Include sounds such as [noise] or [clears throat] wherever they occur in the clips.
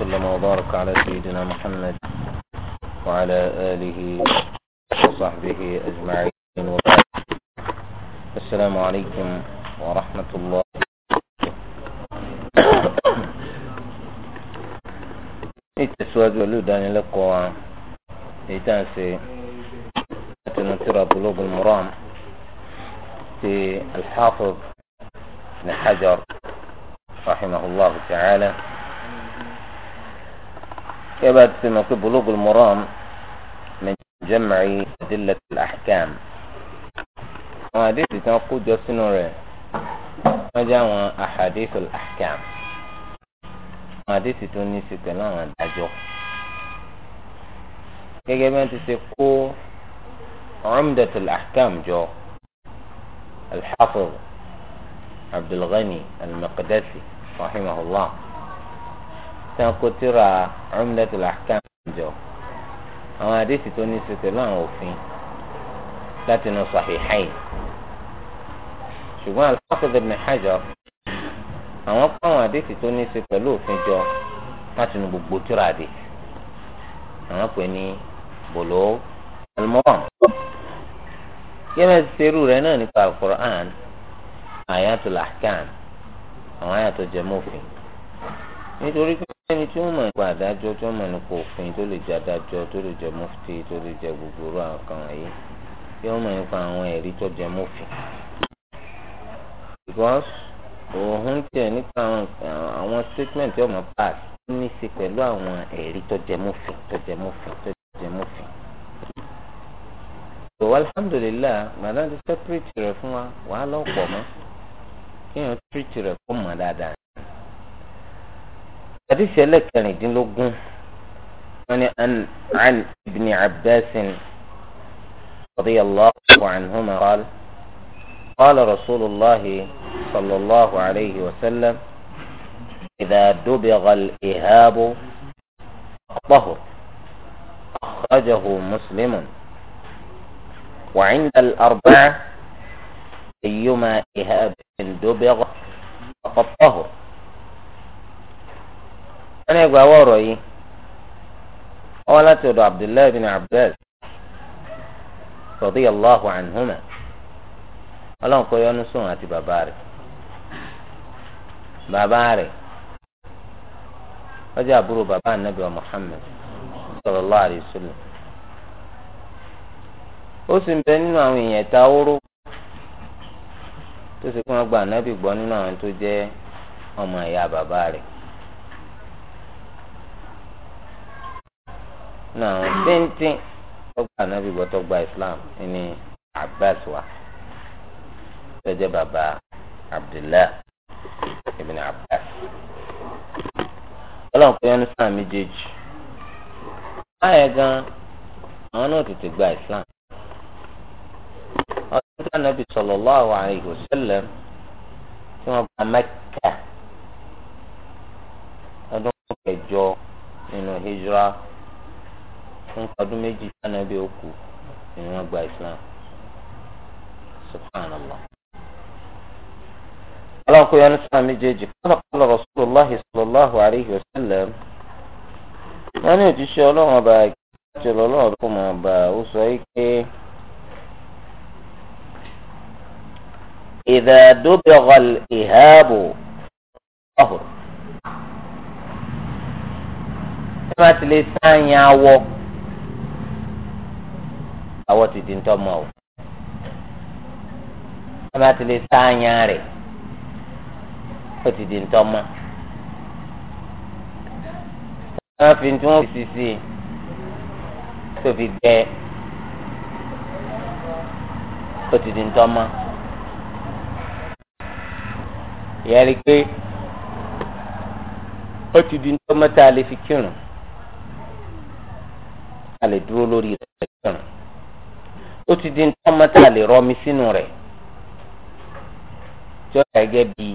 وسلم وبارك على سيدنا محمد وعلى آله وصحبه أجمعين السلام عليكم ورحمة الله التسواد واللودان لقوا لتنسي تنترى بلوغ المرام في الحافظ بن حجر رحمه الله تعالى كما تسمى في بلوغ المرام من جمع أدلة الأحكام وحديث آه، تنقود يسنور وجاء أحاديث الأحكام وحديث تونسي كلام الأجو كما تسيقو عمدة الأحكام جو الحافظ عبد الغني المقدسي رحمه الله tán kó tíra Umdatul Ahkam jọ àwọn àdéhìí tó ní í ṣe pẹ̀lú àwọn òfin láti inú Sahihayn ṣùgbọ́n al-Hafiz Ibn Hajar àwọn kó àwọn àdéhìí tó ní í ṣe pẹ̀lú òfin jọ láti inú gbogbo tíra àdé àwọn pè ní Bulugh al-Maram yẹ́bẹ̀ ṣerú náà nípa al-Qur'an Ayatul àwọn àyà jẹ mọ́fin nítorí pé ẹni tí wọ́n mọ̀ nípa àdájọ́ tí wọ́n mọ̀ nípa òfin tó lè jẹ́ adájọ́ tó lè jẹ́ mufti tó lè jẹ́ gbogbo irú àwọn kan wọ̀nyí tí wọ́n mọ̀ nípa àwọn ẹ̀rí tó jẹ́ mọ́fì. because òun tẹ̀ nípa àwọn statement tí wọ́n mọ̀ pass ó ní í ṣe pẹ̀lú àwọn ẹ̀rí tó jẹ́ mọ́fì tó jẹ́ mọ́fì tó jẹ́ mọ́fì. so alhamdulillah madam ti separate rẹ̀ fún wa wàá lọ́pọ̀ mọ́ kéèyàn treat rẹ̀ fún mọ̀ dáadáa حديث لكن دين لغن عن عن ابن عباس رضي الله عنهما قال قال رسول الله صلى الله عليه وسلم إذا دبغ الإهاب طهر أخرجه مسلم وعند الأربعة أيما إهاب دبغ فقد طهر wọn ní ẹgbàá wọ̀rọ̀ yìí wọn láti ọ̀dọ̀ abdullahi bin abbas radiyallahu anhuma ọlọ́run kọ́ yọ́nú sùn àti bàbá rẹ̀ bàbá rẹ̀ ọjọ́ àbúrò bàbá anabi muhammed sallallahu alayhi wa sallam ó sì ń bẹ nínú àwọn èèyàn ta oró tó sì kún ọgbà anabi gbọ́ nínú àwọn tó jẹ́ ọmọ bàbá rẹ̀. náà tíntín ọgbà ànábì gbọ́tọ̀ gba islam ní abbas wa tọ́jẹ́ bàbá abdullahi ibn abbas ọlọ́run pé wọ́n ní sáà méjèèjì báyẹn gan àwọn náà tètè gba islam ọdún tí ànábì sallallahu alaihi wasallam tí wọ́n gba mẹ́kà ọdún kẹjọ nínú hijra fún ọdún méjì tánàbí òkú ni wọ́n gba islam subhanallah. ọlọ́run kò yọnu sáà méjèèjì kọ́lá kọ́lá rasulillahi sallallahu alayhi wa sallam wọ́n ní òjíṣẹ́ ọlọ́run ọba ìjọba ọlọ́run ọba kò mọ̀ ọba ó sọ yìí pé. إذا دبغ الإهاب طهر. Tí wọ́n ti àwọ̀ ti di ntọ́ mọ́ o wọ́n bá ti lè sáàyàn rẹ̀ ó ti di ntọ́ mọ́ wọ́n tí wọ́n fi sisi tó fi gbẹ ó ti di ntọ́ mọ́ pé ó ti di ntọ́ tá a lè fi kírun a lè dúró lórí rẹ̀ kírun ó ti di nǹkan mọ́tà lè rọmi sínú rẹ̀ tí ó yà gẹ́gẹ́ bí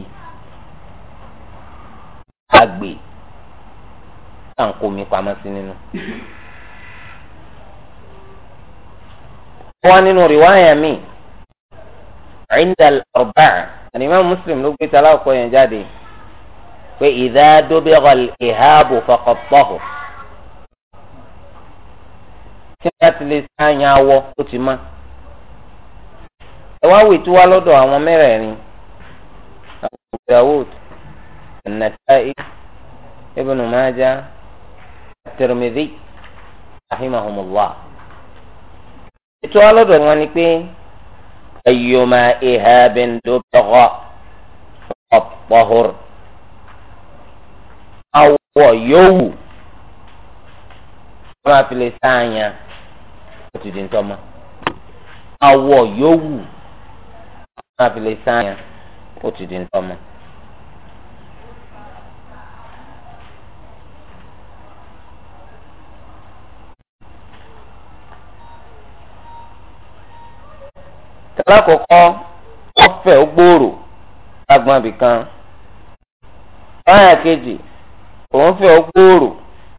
àgbè tá à ń kó mi pamọ́ sí nínú. wọ́n nínú rìwáyà mi indal arba'a ànímọ́ muslim ló gbé taláwọ̀ kọ́ yẹn jáde pé idha dubigha al-ihabu faqattahu. ti lè sáyàn awọ ó ti má. ẹ wá wí tí wá lọ́dọ̀ àwọn mẹ́rẹ̀ẹ̀rin Abu Dawud An-Nasa'i Ibn Majah At-Tirmidhi rahimahumullah. ètò wá wọn ni pé ayyuma ihabin dubagha at-tahur awọ yòówù wọn fi lè sáyàn ó ti di ń tọ́mọ. awọ yòówù máa fi lè sáyà ó ti di ń tọ́mọ. alákọ̀ọ́kọ́ ọ̀fẹ́ ògbòòrò lágbọ́n abìkan báyà kejì òun fẹ́ ògbòòrò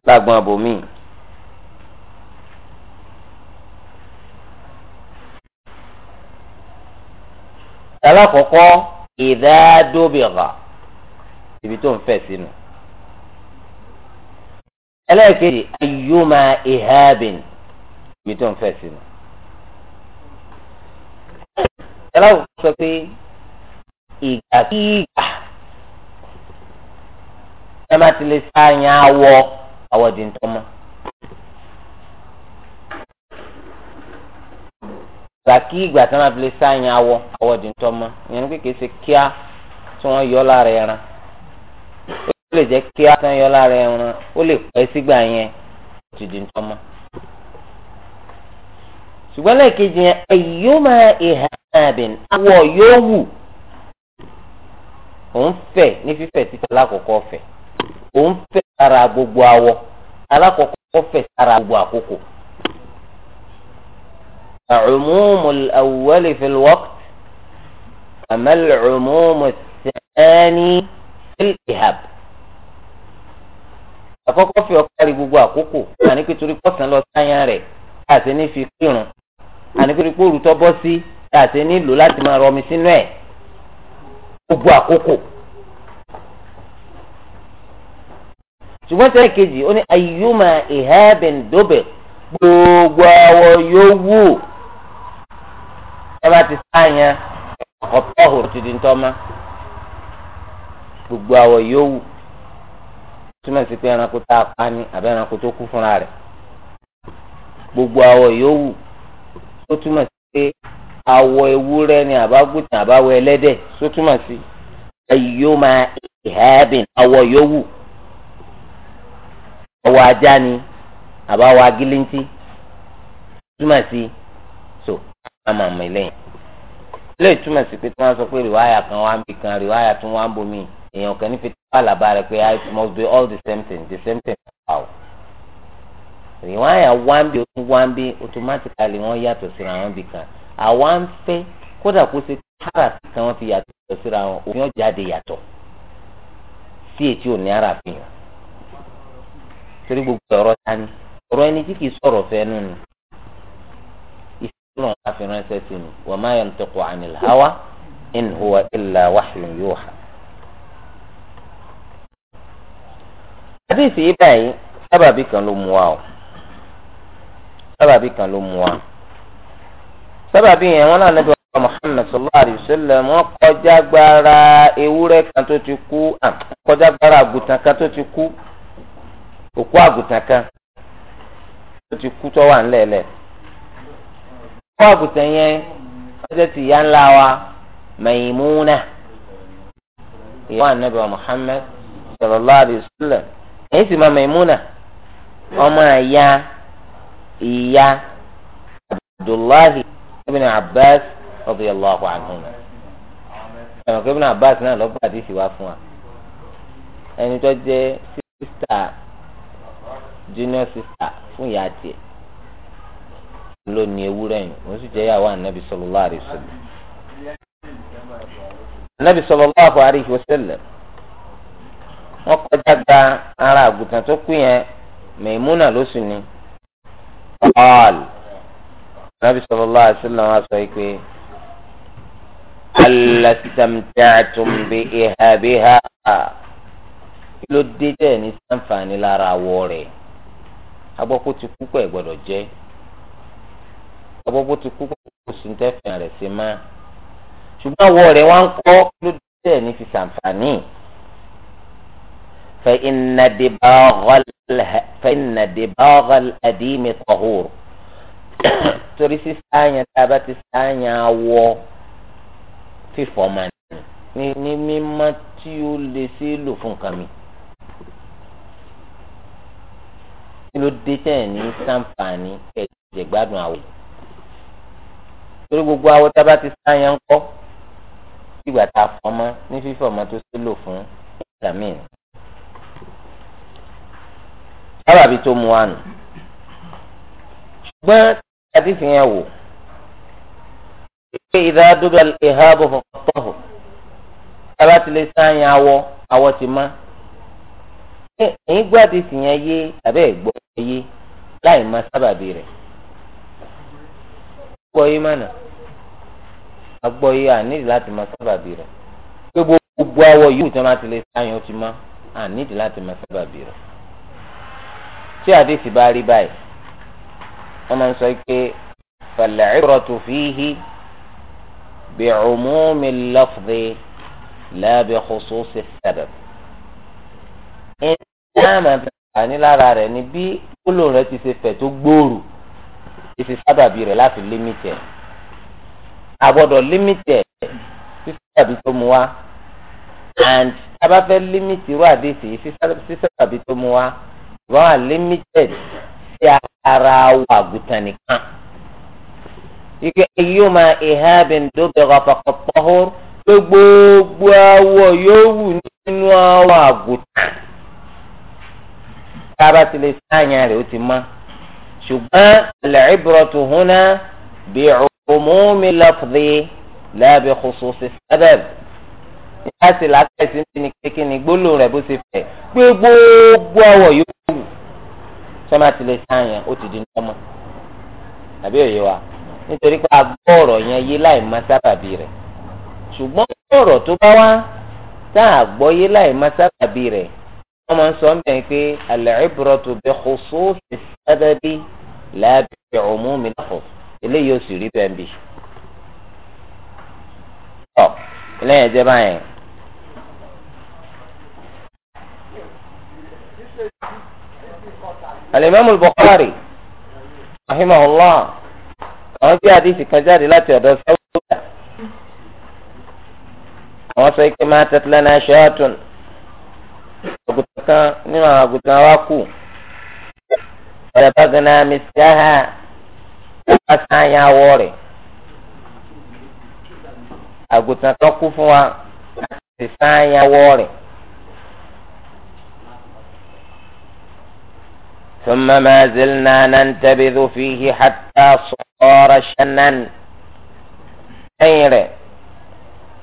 lágbọ́n abòmíì. alákọ̀ọ́kọ́ ìdádóbìrà ibi tó ń fẹ̀ sínú. ẹlẹ́ẹ̀kejì ayọ́mà ìhábìn ibi tó ń fẹ̀ sínú. alákọ̀ọ́kọ́ sọ pé ìgbàkígbà ẹ má ti lè sáyàn awọ àwọ̀dìntọ́mọ́. gbàkí ìgbà tí wọn fi lè awọ awọ di ntọ mọ́ ìyẹn ní kékeré ṣe kíá tí wọ́n yọ lára ẹran ó lè jẹ́ kíá tí wọ́n yọ lára ẹran ó lè pẹ́ sígbà yẹn ó ti di ṣùgbọ́n lẹ́ẹ̀kejì yẹn èyí ó máa ìhà awọ yóò wù òun ní títí alákọ̀ọ́kọ́ òun gbogbo awọ alákọ̀ọ́kọ́ gbogbo àkókò. عموم الأول في الوقت أما العموم الثاني في الإهاب àkọ́kọ́ fi ọkari gbogbo àkókò àní pé torí pọ̀sán lọ sáyán rẹ̀ àti ní fi kírun àní pé torí òrùtọ́ bọ́ sí àti nílò láti máa rọmi sínú ẹ̀ gbogbo àkókò. ṣùgbọ́n tẹ́lẹ̀ kejì ó ní ayuma ìhẹ́bìn dóbẹ̀ gbogbo àwọ̀ yòówù tọ́ba ti sáyẹn ọ̀pọ̀ ọ̀hún ti di ntọ́mọ gbogbo àwọ̀ yòówù túmọ̀ sí pé ẹranko tá a pa ni àbẹ́ ẹranko tó kú fúnra rẹ̀ gbogbo àwọ̀ yòówù tó túmọ̀ sí pé àwọ̀ ewúrẹ́ ni àbágùtàn àbáwọ̀ ẹlẹ́dẹ̀ tó túmọ̀ sí ayò máa ìhẹ́bìn àwọ̀ yòówù àwọ̀ ajá ni àbáwọ̀ agílíntì túmọ̀ sí àmọ́ àmọ́ eléyìí ilé ìtumọ̀ sí pé tí wọ́n sọ pé rìwáyà kan wá ń bì kan rìwáyà tún wá ń bomi èèyàn kan ní fi pàlàbà rẹ̀ pé it must be all the same thing the same thing wow rìwáyà wá ń bì ó tún wá ń bì automatically wọ́n yàtọ̀ síra wọn bì kan àwa ń fẹ́ kódà kó ṣe kára kan wọ́n fi yàtọ̀ síra wọn òfin ọ̀jáde yàtọ̀ sí ètí òní ara fi hàn torí gbogbo ọ̀rọ̀ ta ni ọ̀rọ̀ ẹni tí kì í sọ̀rọ̀ fẹ́ nù ni lọ́n àfi ránṣẹ́ sí mi wa ma yantiqu anil hawa in huwa illa wahyun yuha. àdìsí yìí báyìí sábàbí kan ló mú wa o sábàbí kan ló mú wa sábàbí yẹn wọn náà Ànábì wa Muhammad sallallahu alayhi wa sallam wọn kọjá gbára ewúrẹ́ kan tó ti kú kọjá gbára àgùntàn kan tó ti kú òkú àgùntàn kan tó ti kú tó wà ńlẹ̀ẹ́lẹ̀ẹ́. kó àgùntàn yẹn wọ́n ti ìyá ńlá wa Maimuna ìyá wa Muhammad sallallahu alayhi wa sallam èyí sì máa Maimuna ọmọ àyà ìyá Abdullahi ibn Abbas radiyallahu anhuma ẹ̀rọ kí ibn Abbas náà lọ́ọ́ bá àdìsí wá fún wa ẹni tó jẹ́ sísítà junior sísítà fún ìyá tiẹ̀. ló ní ewúrẹ́ yìí òun sì jẹ́ ìyàwó ànábì sallallahu alaihi wasallam. ànábì sallallahu alaihi wasallam wọ́n kọjá gba ara àgùntàn tó kú yẹn Maimuna ló sì ní. ọ̀ọ́lù ànábì sallallahu alaihi wasallam wá sọ pé alastamta'tum bi ihabiha kí ló dé tẹ̀ ní ṣàǹfààní lára àwọ̀ rẹ̀ agbọ́kú ti kú pẹ̀ gbọ́dọ̀ jẹ́ ọbọ bó ti kú kó sùn tẹ́fẹ̀ rẹ̀ sí máa ṣùgbọ́n àwọ̀ rẹ̀ wá ń kọ́ ló dẹ̀ ní fi ṣàǹfààní. فإن دباغ فإن دباغ الأديم طهور torí tá a bá ti sáyàn awọ fífọ̀ máa ní ní mímọ́ tí ó lè ṣe é lò fún nǹkan mi. kí ló dé tẹ̀ ní sàǹfààní ẹ̀jẹ̀ gbádùn àwọ̀ torí gbogbo awọ tá a bá ti sá yẹn ń kọ́ ìgbà tá a fọmọ ní fífọ̀ ọmọ tó sílò fún vitamin. sábàbí tó mu àná ṣùgbọ́n àti fìyẹn wò pé ìdádúgbò ìhábò fọ̀tọ̀hù tá a bá ti lè sá yẹn awọ awọ ti mọ́ ẹ̀yìn gbọ́ àti fìyẹn yé àbẹ́ ẹ̀gbọ́ yé láì mọ sábàbí rẹ̀ gbọ́ yìí mọ̀nà agbọ́ yìí àníìdì láti mọ sábàbí rẹ̀ pé gbogbo awọ yìí tí wọ́n ti lè sáyẹn ó ti mọ́ àníìdì láti mọ sábàbí rẹ̀ tí àdéhìí bá rí báyìí wọ́n máa ń sọ pé fal-ibratu fihi bi'umumi al-lafzi la bi khususi as-sabab ní àmàtà rẹ̀ ni bí gbólóhùn rẹ̀ ti ṣe fẹ̀ tó gbòòrò èsì sábàbí rẹ̀ láti límítẹ̀ àgbọ̀dọ̀ límítẹ̀ sí sábàbí tó mu wá and tábà fẹ́ límítì irú àdéhìí sí sábàbí tó mu wá ìwọ́n wà límítẹ̀d sí ara wa àgùntàn nìkan ike ayyuma ihabin dubigha faqad tahur pé gbogbo awọ yòówù nínú awọ àgùntàn tábà ti lè rẹ̀ ó ti mọ́ ṣùgbọ́n al-ibratu huna bi'umumi lafzi la bi khususi sabab láti làákàyèsí ní kékeré ní gbólóhùn rẹ̀ bó ṣe fẹ̀ pé gbogbo ọwọ́ yóò sọ́mà ti sáyẹn ó ti di nọ́mọ́ àbí òye wa nítorí pé agbọ́ ọ̀rọ̀ yẹn yé láì má sábàbí rẹ̀ ṣùgbọ́n ọ̀rọ̀ tó bá wá tá àgbọ́ yé láì má sábàbí rẹ̀ wọ́n máa ń sọ ń bẹ̀rẹ̀ pé al-ibratu bi khususi sababi la bi umumi lafz eléyìí ò sì rí bẹ́ẹ̀ bì. ọ̀ eléyìí ẹ̀jẹ̀ báyẹn. al-imam al-bukhari rahimahullah àwọn bí àdìsí kan jáde láti ọ̀dọ̀ sẹ́wọ́n. àwọn sọ ike máa pé ma tatlanā shātun. agutan nínú àwọn agutan wa kù ọ̀dà bàgànà mẹsàáhà ọ̀dà sáyà wọ̀ rẹ̀ àgùntàn tó kú fún wa ti sáyà wọ̀ rẹ̀. ثم ما زلنا ننتبذ فيه حتى صار شنا خير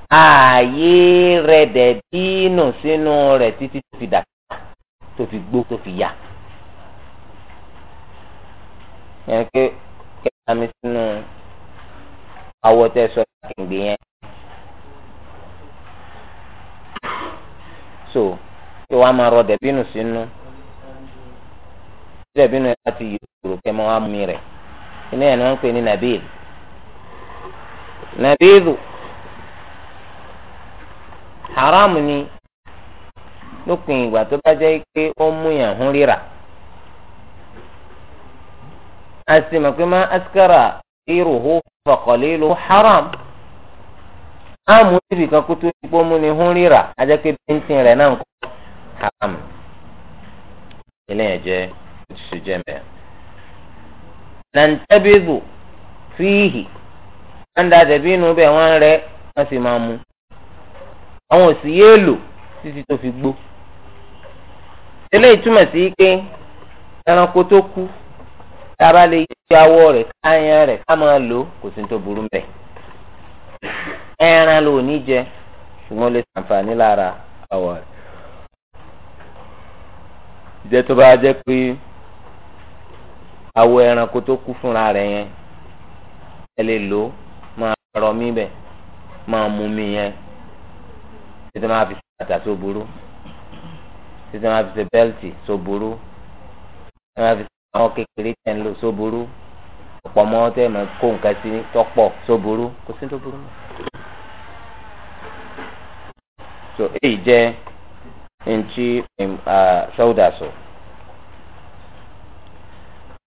ààyè rẹ̀ dẹ̀ dínú sínú rẹ̀ títí tó fi dàgbà tó fi gbó tó fi yá. yẹn ké kẹta mi sínú awọ tẹ sọ kẹgbẹ yẹn. so kí wàá máa rọ dẹ̀bínú sínú dẹ̀bínú yẹn láti yòrò kẹ́ mọ́ wàá mú mi rẹ̀. iná yẹn ni wọ́n ń pè ní nàbíl nàbílù haram ni lópin ìgbà tó bá jẹ́ pé ó mú yàn hún ríra a sì mọ̀ pé má askara iruhu faqalilu haram á mú níbi kan kó tó mú ni hún ríra a jẹ́ pé bíntín rẹ̀ náà ń kọ́ haram ilé jẹ́ ojúṣe jẹ́ mẹ́rin. nàǹtẹ́bíbù fíìhì wọ́n da dẹ̀bí inú bẹ́ẹ̀ wọ́n rẹ̀ wọ́n sì máa mú àwọn òsì yéé lò títí tó fi gbó eléyìí túmọ̀ sí pé ẹranko tó kú tá a bá lè yí awọ rẹ̀ káyan rẹ̀ ká máa lò kò sí tó burú mbẹ̀ ẹran ló ní jẹ ṣùgbọ́n lè ṣàǹfààní lára awọ rẹ̀ jẹ́ tó bá jẹ́ pé awọ ẹranko tó kú fúnra rẹ̀ yẹn ẹ lè lò máa rọ mí bẹ̀ máa mú mi yẹn títí máa fi ṣe bàtà tó burú títí máa fi ṣe bẹ́ẹ̀tì tó burú títí máa fi ṣe àwọn kékeré tẹ̀ ń lò tó burú ọ̀pọ̀ ọmọ tẹ̀ mọ́ kó nǹkan sí tọ́pọ̀ tó burú kò sí tó burú so èyí jẹ́ ntí ṣọ́ọ̀dà um, sọ.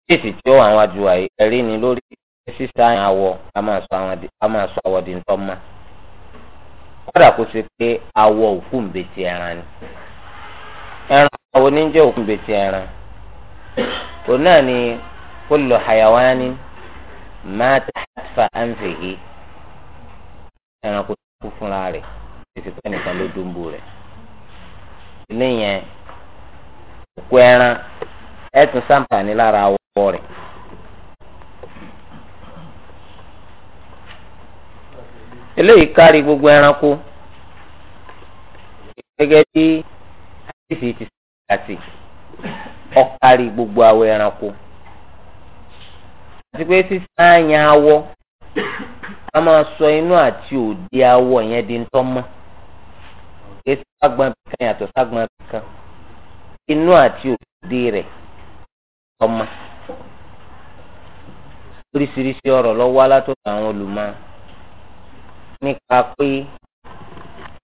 kéèsì tí ó wà wájú wa yìí ẹ̀rí ni lórí sísá àwọ̀ a máa sọ àwọ̀ di ntọ́ máa. kódà kó ṣe pé awọ ti ẹran ni ẹran awọ oníjẹ́ ti ẹran òun náà ni kullu hayawani mata ẹran kò kú fúnra rẹ̀ títí pẹ́ nìkan ló dúnbù rẹ̀ ilé yẹn òkú ẹran ẹ̀ tún sàǹfààní lára awọ eléyìí kárí gbogbo ẹranko gẹ́gẹ́ bí àdìsí ti àti ọ̀kárí gbogbo awọ ẹranko àti pé sísan awọ a máa sọ inú àti òde awọ yẹn di ntọ́mọ́ kí ságbọn kan yàtọ̀ ságbọn kan inú àti òde rẹ̀ ọmọ oríṣiríṣi ọ̀rọ̀ ló wá àwọn nípa pé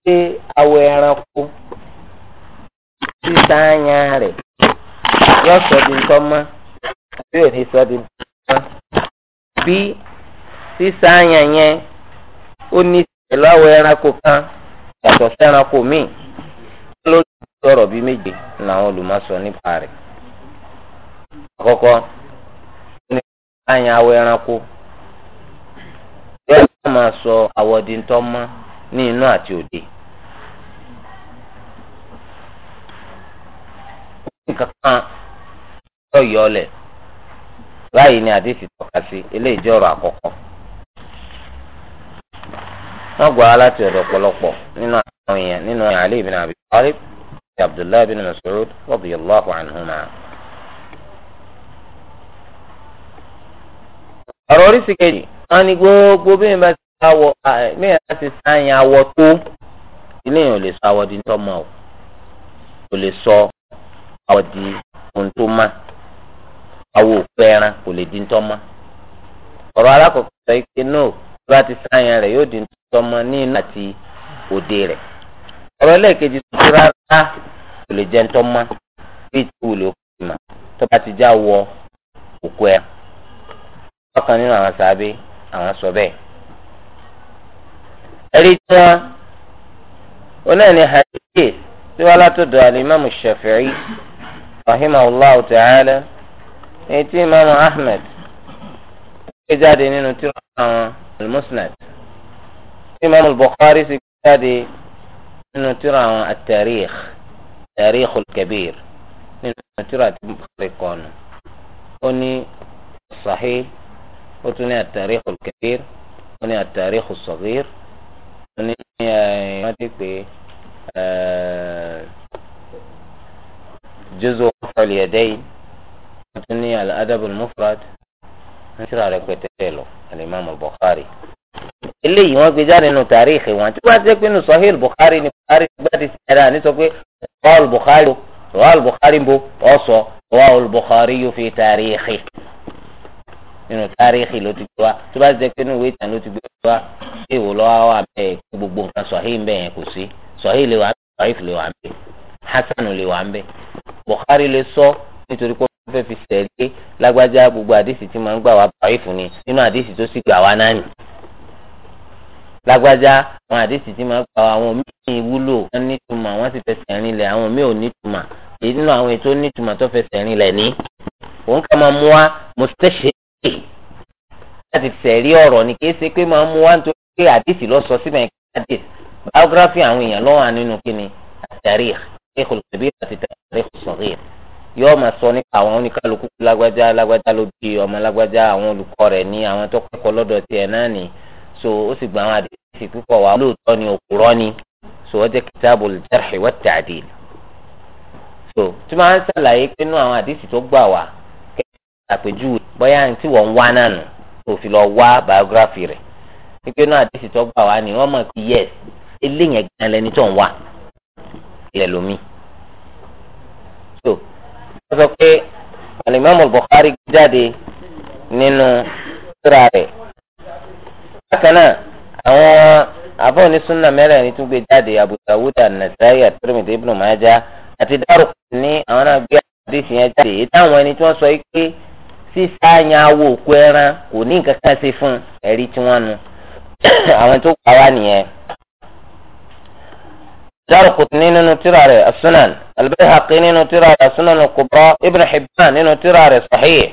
ṣé awọ ẹranko títa yan rẹ̀ yóò sọ di nǹkan mọ́ àbí ò ní sọ di nǹkan mọ́ bí sísá yan yẹn ó ní pẹ̀lú awọ ẹranko kan yàtọ̀ sẹ́ranko míì lórí bíi méje làwọn olùmọ̀sọ nípa rẹ̀ àkọ́kọ́ ní awọ ẹranko. a máa sọ àwọ̀dìntọ́ mọ́ ní inú àti òde. nǹkan kan yọ yọ ni àdéhùn tọ́ka sí eléyìí jẹ́ àkọ́kọ́. wọ́n gbọ́ aláti ọ̀dọ̀ pọ̀lọpọ̀ nínú àwọn èèyàn nínú Abdullahi bin Mas'ud radiyallahu anhuma. ọ̀rọ̀ oríṣi kejì gbogbo bí káwọ mẹ́rin láti sáyìn awọ tó ilé yẹn ò lè sọ awọ di ntọ́mọ o lè sọ awọ di awọ òkú ẹran kò lè di ntọ́mọ ọ̀rọ̀ alákọ̀ọ́kọ́ sọ ike náà tó bá ti sáyìn rẹ̀ yóò di ntọ́mọ ní inú àti òde rẹ̀ ọ̀rọ̀ ẹlẹ́ẹ̀kejì tó rárá kò lè jẹ ntọ́mọ bí ìmọ̀ tó bá ti já wọ òkú ọkàn nínú àwọn sábẹ́ àwọn sọ bẹ́ẹ̀. ẹ̀rí tí wọ́n onáà ní hadithi tí wọ́n látọ̀dọ̀ alimami shafi'i allah ta'ala ní ti imaamu ahmed gbé jáde nínú tí wọ́n tírà al-musnad tí imaamu bukhari sì gbé jáde nínú tírà àwọn at-tarikh tarikh al-kabir nínú tírà ti wọ́n àti bukhari kọ́nù ó ní sahi ó tún ní at-tarikh al-kabir ó ní at-tarikh ní wọ́n ti pè é juzu ọ̀fọ̀lì ẹ̀dẹ́ yìí wọ́n tún ní al-adabul mufrad ń ṣíra rẹ̀ pẹ̀tẹ́ lọ al-imam al-bukhari eléyìí wọ́n gbé jáde nínú tàríìkì wọn tí wọ́n ti pè ní sahih bukhari ní bukhari gbàdí sẹ́ra ní sọ pé rọ́ọ̀lù bukhari rọ́ọ̀lù bukhari bó ọ̀sọ̀ rọ́ọ̀lù bukhari yóò fi tàríìkì nínú tárìkì ló ti gbé wa tó bá jẹ́ pé nínú ìwé ìtàn ló ti gbé wa pé ìwò lọ́wọ́ wà bẹ́ẹ̀ gbogbo nǹkan sọ̀hí ń bẹ̀ yẹn kò sí sọ̀hí lè wà bẹ́ẹ̀ sọ̀hí lè wà bẹ́ẹ̀ hasan lè wà bẹ́ẹ̀ Bukhari lè sọ nítorí pé wọ́n fẹ́ fi sẹ́gbẹ́ lágbájá gbogbo àdìsí tí máa ń gbà wá sọ̀hí fún ni nínú àdìsí tó sì gbà wá náà nì lágbájá àwọn àdìsí tí máa ń gbà wá àwọn míì wúlò wọn nítumọ̀ àwọn sì fẹsẹ̀ rinlẹ̀ àwọn míì ò nítumọ̀ èyí nínú àwọn ètò kà máa mú wa mustashhid láti tẹ̀rí ọ̀rọ̀ ni kì í ṣe pé máa mú wá nítorí pé àdìsí lọ sọ síbẹ̀ káàdì biography àwọn èèyàn lọ́wọ́ nínú kíni àtàrí ẹ̀kọ́ lùtẹ̀bí àti tàrí sọ̀rí ẹ̀ yóò máa sọ nípa àwọn oníkálukú lágbájá lágbájá ló bí ọmọ lágbájá àwọn olùkọ́ rẹ̀ ní àwọn tó kẹ́kọ̀ọ́ lọ́dọ̀ tiẹ̀ náà ni so ó sì gba àwọn àdìsí púpọ̀ wá lóòótọ́ ni òkúrọ́ ni so ó jẹ́ kitabul jarh wa ta'dil so tí máa ń ṣàlàyé pé nínú àwọn àdìsí tó gbà wá àpèjúwe bóyá ní tí wọ́n ń wá náà nù tó fi lọ wá biography rẹ̀ wípé náà àti ìsìtọ́ gbà wá ni wọ́n mọ̀ pé yes eléyẹn gan lẹni tó ń wá ilẹ̀ lómi. so wọ́n sọ pé alimami Bukhari jáde nínú síra rẹ̀ bákan náà àwọn àbọ̀ ní sunna mẹ́rẹ̀ẹ̀rin tún gbé jáde Abu Dawud An-Nasa'i At-Tirmidhi Ibn Majah àti Daraqutni àwọn náà gbé àdéhìí yẹn jáde èyí táwọn ẹni tí wọ́n sọ yìí pé sísáyàn awo òkú ẹran kò ní nǹkan kan ṣe fún ẹ̀rí tí wọ́n nu [clears throat] àwọn tó pa wá nìyẹn. Daraqutni nínú tírà rẹ̀ as-Sunan Al-Bayhaqi nínú tírà rẹ̀ as-Sunan al-Kubra Ibn Hibban nínú tírà rẹ̀ Sahih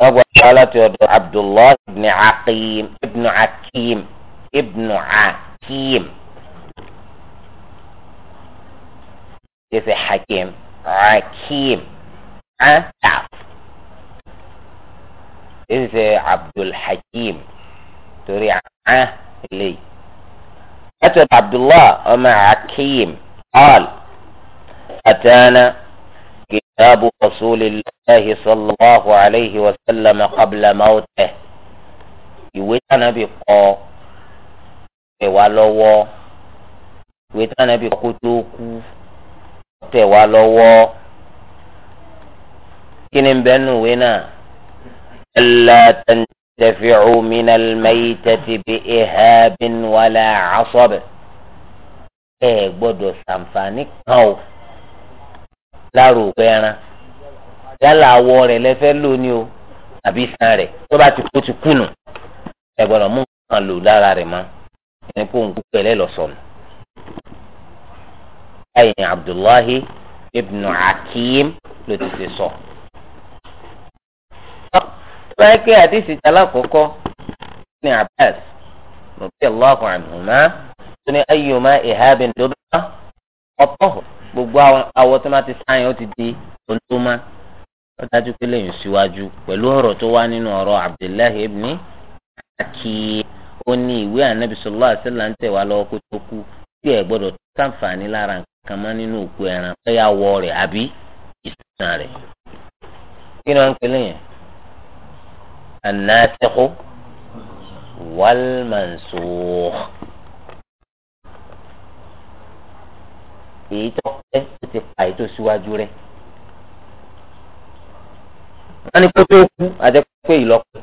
wọ́n gba ọlá ti ọ̀dọ̀ Abdullah ibn Aqim ibn Akim ibn Akim kìí ṣe Hakim Akim Akim ẹsẹ abdulhakim torí àá eléyìí أتت عبد الله أما حكيم قال أتانا كتاب رسول الله صلى الله عليه وسلم قبل موته ìwé tánàbì kọ tẹ̀ wá lọ́wọ́ ìwé tánàbì kọ tó kú tẹ̀ wá lọ́wọ́ kí ni bẹ́ẹ̀ nù ìwé náà ألا تنتفعوا من الميتة بإهاب ولا عصب ẹ gbọ́dọ̀ ṣàǹfààní kan o láàrò òpẹ ẹran yálà awọ rẹ̀ lẹfẹ lò ní o àbí iṣan rẹ̀ tó bá ti kú ti kùnù ẹ mú nǹkan lò lára rẹ̀ mọ́ ẹni kó nǹkú pẹ̀lẹ́ lọ sọnù. ẹ̀yìn Abdullahi ibn Akim ló ti fi sọ. So. láyé pé àdìsí jala kọ̀ọ̀kọ́ ní Abbas radiyallahu anhuma tó ní ayyuma ihabin dubba ọ̀pọ̀ gbogbo awọ tó máa ti sáyẹn ó ti di ó dájú pé pẹ̀lú ọ̀rọ̀ tó wá nínú ọ̀rọ̀ Abdullahi ibn Aki ó ní ìwé ànábì sallallahu alaihi annasikhu walmansukh. èyí tó pẹ́ ó ti pa èyí tó síwájú rẹ̀. wọ́n ní kó tó kú àti pé ìlọ́pẹ́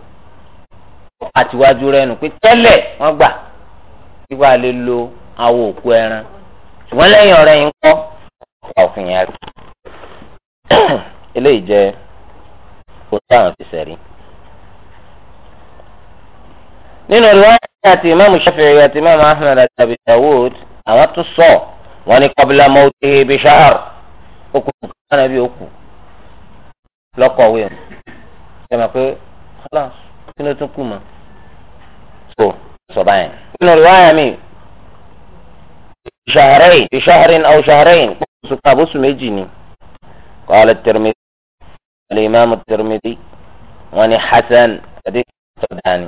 àtiwájú rẹ̀ nù pé tẹ́lẹ̀ wọ́n gbà kí wàá lè lo awọ òkú ẹran ṣùgbọ́n lẹ́yìn ọ̀rẹ́ yìí ń kọ́ ọ̀pá òfin yẹn rí. [clears throat] eléyìí jẹ́ kó sáà ti sẹ̀rí nínú riwaya àti imaamu shafi'i àti imaamu ahmed àti abi dawud àwọn tó sọ wọn ni qabla mawtihi bi shahr okùn kánà bí okùn lọkọwé ṣe máa pé khalas kí ló tún kù mọ́ so sọ báyìí nínú riwaya mi shahrayn bi shahrin aw shahrayn kóso kàbóso méjì ni qala at-Tirmidhi al-imam at wọn ni hasan àti sọdáni.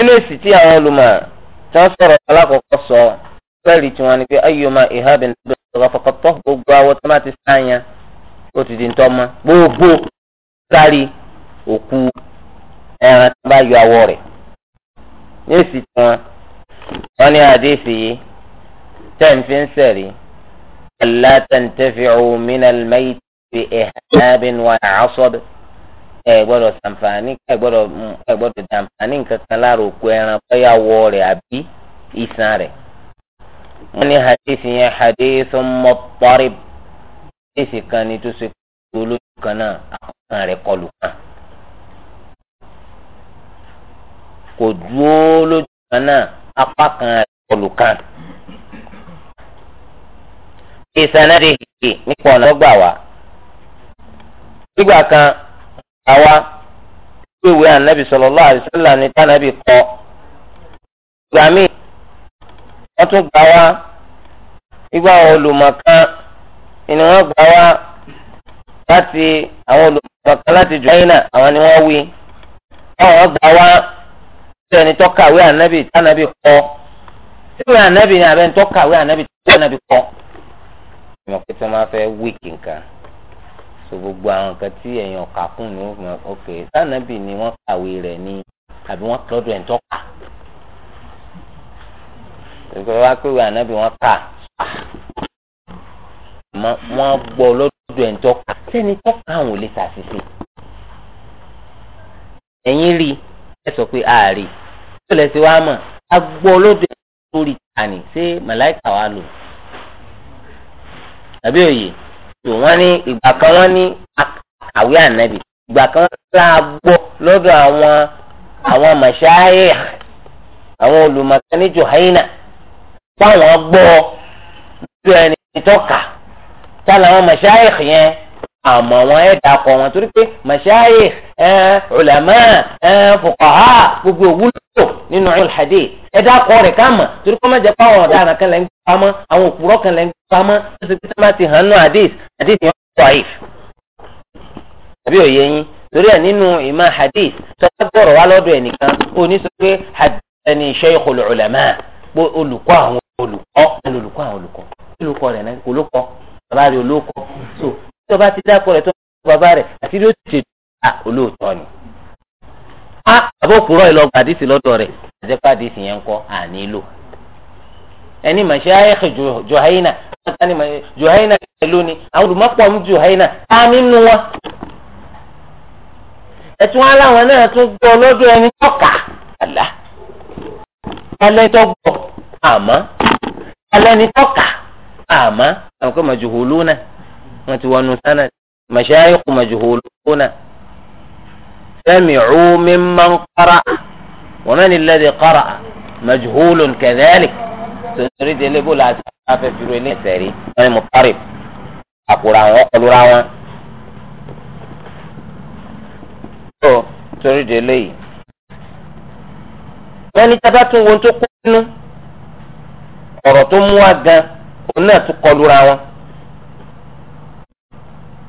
nínú èsì tí àwọn olùmọ̀ tí wọ́n sọ̀rọ̀ alákọ̀ọ́kọ́ sọ fẹ́ẹ̀rì tiwọn ni pé ayọ̀mọ̀ ìhábìn lọ́fọ̀kọ́tọ́ gbogbo awọ tó máa ti sáyà ó ti di ń tọ́mọ gbogbo sáré òkú ẹran tó bá yọ awọ rẹ̀ ní èsì tiwọn wọ́n ní àdéhìsì yìí tẹ́ǹfì ń sẹ̀rí aláàtẹ̀ǹtẹ̀fì ọ̀hún mí ẹ gbọ́dọ̀ sàǹfààní ẹ gbọ́dọ̀ ẹ gbọ́dọ̀ sàǹfààní nǹkan kan lára òkú ẹran fẹ́yà wọ rẹ̀ àbí iṣan rẹ̀. wọ́n ní hadith yẹn hadith mọ́tọ́rì hadith kan ni tó ṣe kó lójú kan náà àkọkàn rẹ̀ kọlù kan. kò dúró lójú kan náà apá kan rẹ̀ kọlù kan. ìsanadé nípa ọ̀nà ọgbà wa. nígbà kan. gbawa gbéwé ànábì sallallahu alaihi ní tànábì kọ ìgbà míì tún gbà wá ìgbà àwọn lati ìní wọ́n gbà wá láti àwọn láti àwọn ni wọ́n wí àwọn gbà wá sí ẹni kọ kọ. ìmọ̀ pé tí wọ́n so gbogbo àwọn nǹkan tí èèyàn kà kún ní wọn fún ok sànàbì ni wọn kàwé rẹ̀ ni àbí wọn lọ́dọ̀ ẹ̀ ń tọ́ka ìgbà wa pé wọn ànábì wọn kà wọn gbọ́ lọ́dọ̀ ẹ̀ ń tọ́ka sẹ́ni tọ́ka àwọn ò lè ṣàṣìṣe ẹ̀yin rí ẹ sọ pé ààrẹ tó lẹ sí wa mọ̀ a gbọ́ lọ́dọ̀ ẹ̀ lórí tani ṣé màláìkà wa lò àbí òye tó wọ́n ní ìgbà kan wọ́n ní àwé ànábì ìgbà kan tá a gbọ́ lọ́dọ̀ àwọn àwọn màṣáyè àwọn olùmọ̀kan ní johanna táwọn gbọ́ lọ́dọ̀ ẹni tọ́ka tá làwọn màṣáyè yẹn àmọ́ wọn ẹ̀ dà kọ́ wọn torí pé mashayikh ẹ̀ ulama ẹ̀ fuqaha gbogbo òwúlò nínú ilmul hadith ẹ̀ dà kọ́ rẹ̀ káàmọ̀ torí kọ́ mẹ́jẹ pa àwọn ọ̀daràn kan lẹ́ ń gbé pamọ́ àwọn òpùrọ̀ kan lẹ́ ń gbé pamọ́ ó sì pété máa ti hàn nù hadith hadith yẹn wọ́n wáyé. àbí òye yín torí ẹ̀ nínú ìmọ̀ hadith sọ pé haddathani shaykhul ulama olùkọ́ àwọn olùkọ́ olùkọ́ àwọn olùkọ́ olùkọ́ rẹ̀ náà so tó bá ti dákọ rẹ̀ tó bá bàbá rẹ̀ àti ilé òtítì à olóòótọ́ ni. a àbókùrọ̀ ìlọgbà àdìsí lọ́dọ̀ rẹ̀ àjẹpá àdìsí yẹn ń kọ́ ànílò. ẹni màṣáyẹ̀kì jọ̀háínà látàní jọ̀háínà lónìí àwọn olùmọ̀pọ̀ ń jọ̀háínà á nínú wọn. ẹ̀tún aláwọn náà tún gbọ́ lọ́dọ̀ ẹni tọ́ka àlá. alẹ́ tó gbọ́ àmọ́ alẹ́ ni tọ́ka àmọ́ àwọn kò mọ̀ jòhó lónà wọ́n ti wọnú sanad mashayikhu majhuluna sami'u mimman qara'a wa man alladhi qara'a majhulun kadhalik sori de lebo la afẹ firo ilé ẹsẹ rí wọn ni mutarif àkùrà wọn kọlura wọn. tó torí wọn ní tábà tún wo tó kó nínú ọ̀rọ̀ tó mú wa gan òun náà tún kọlura wọn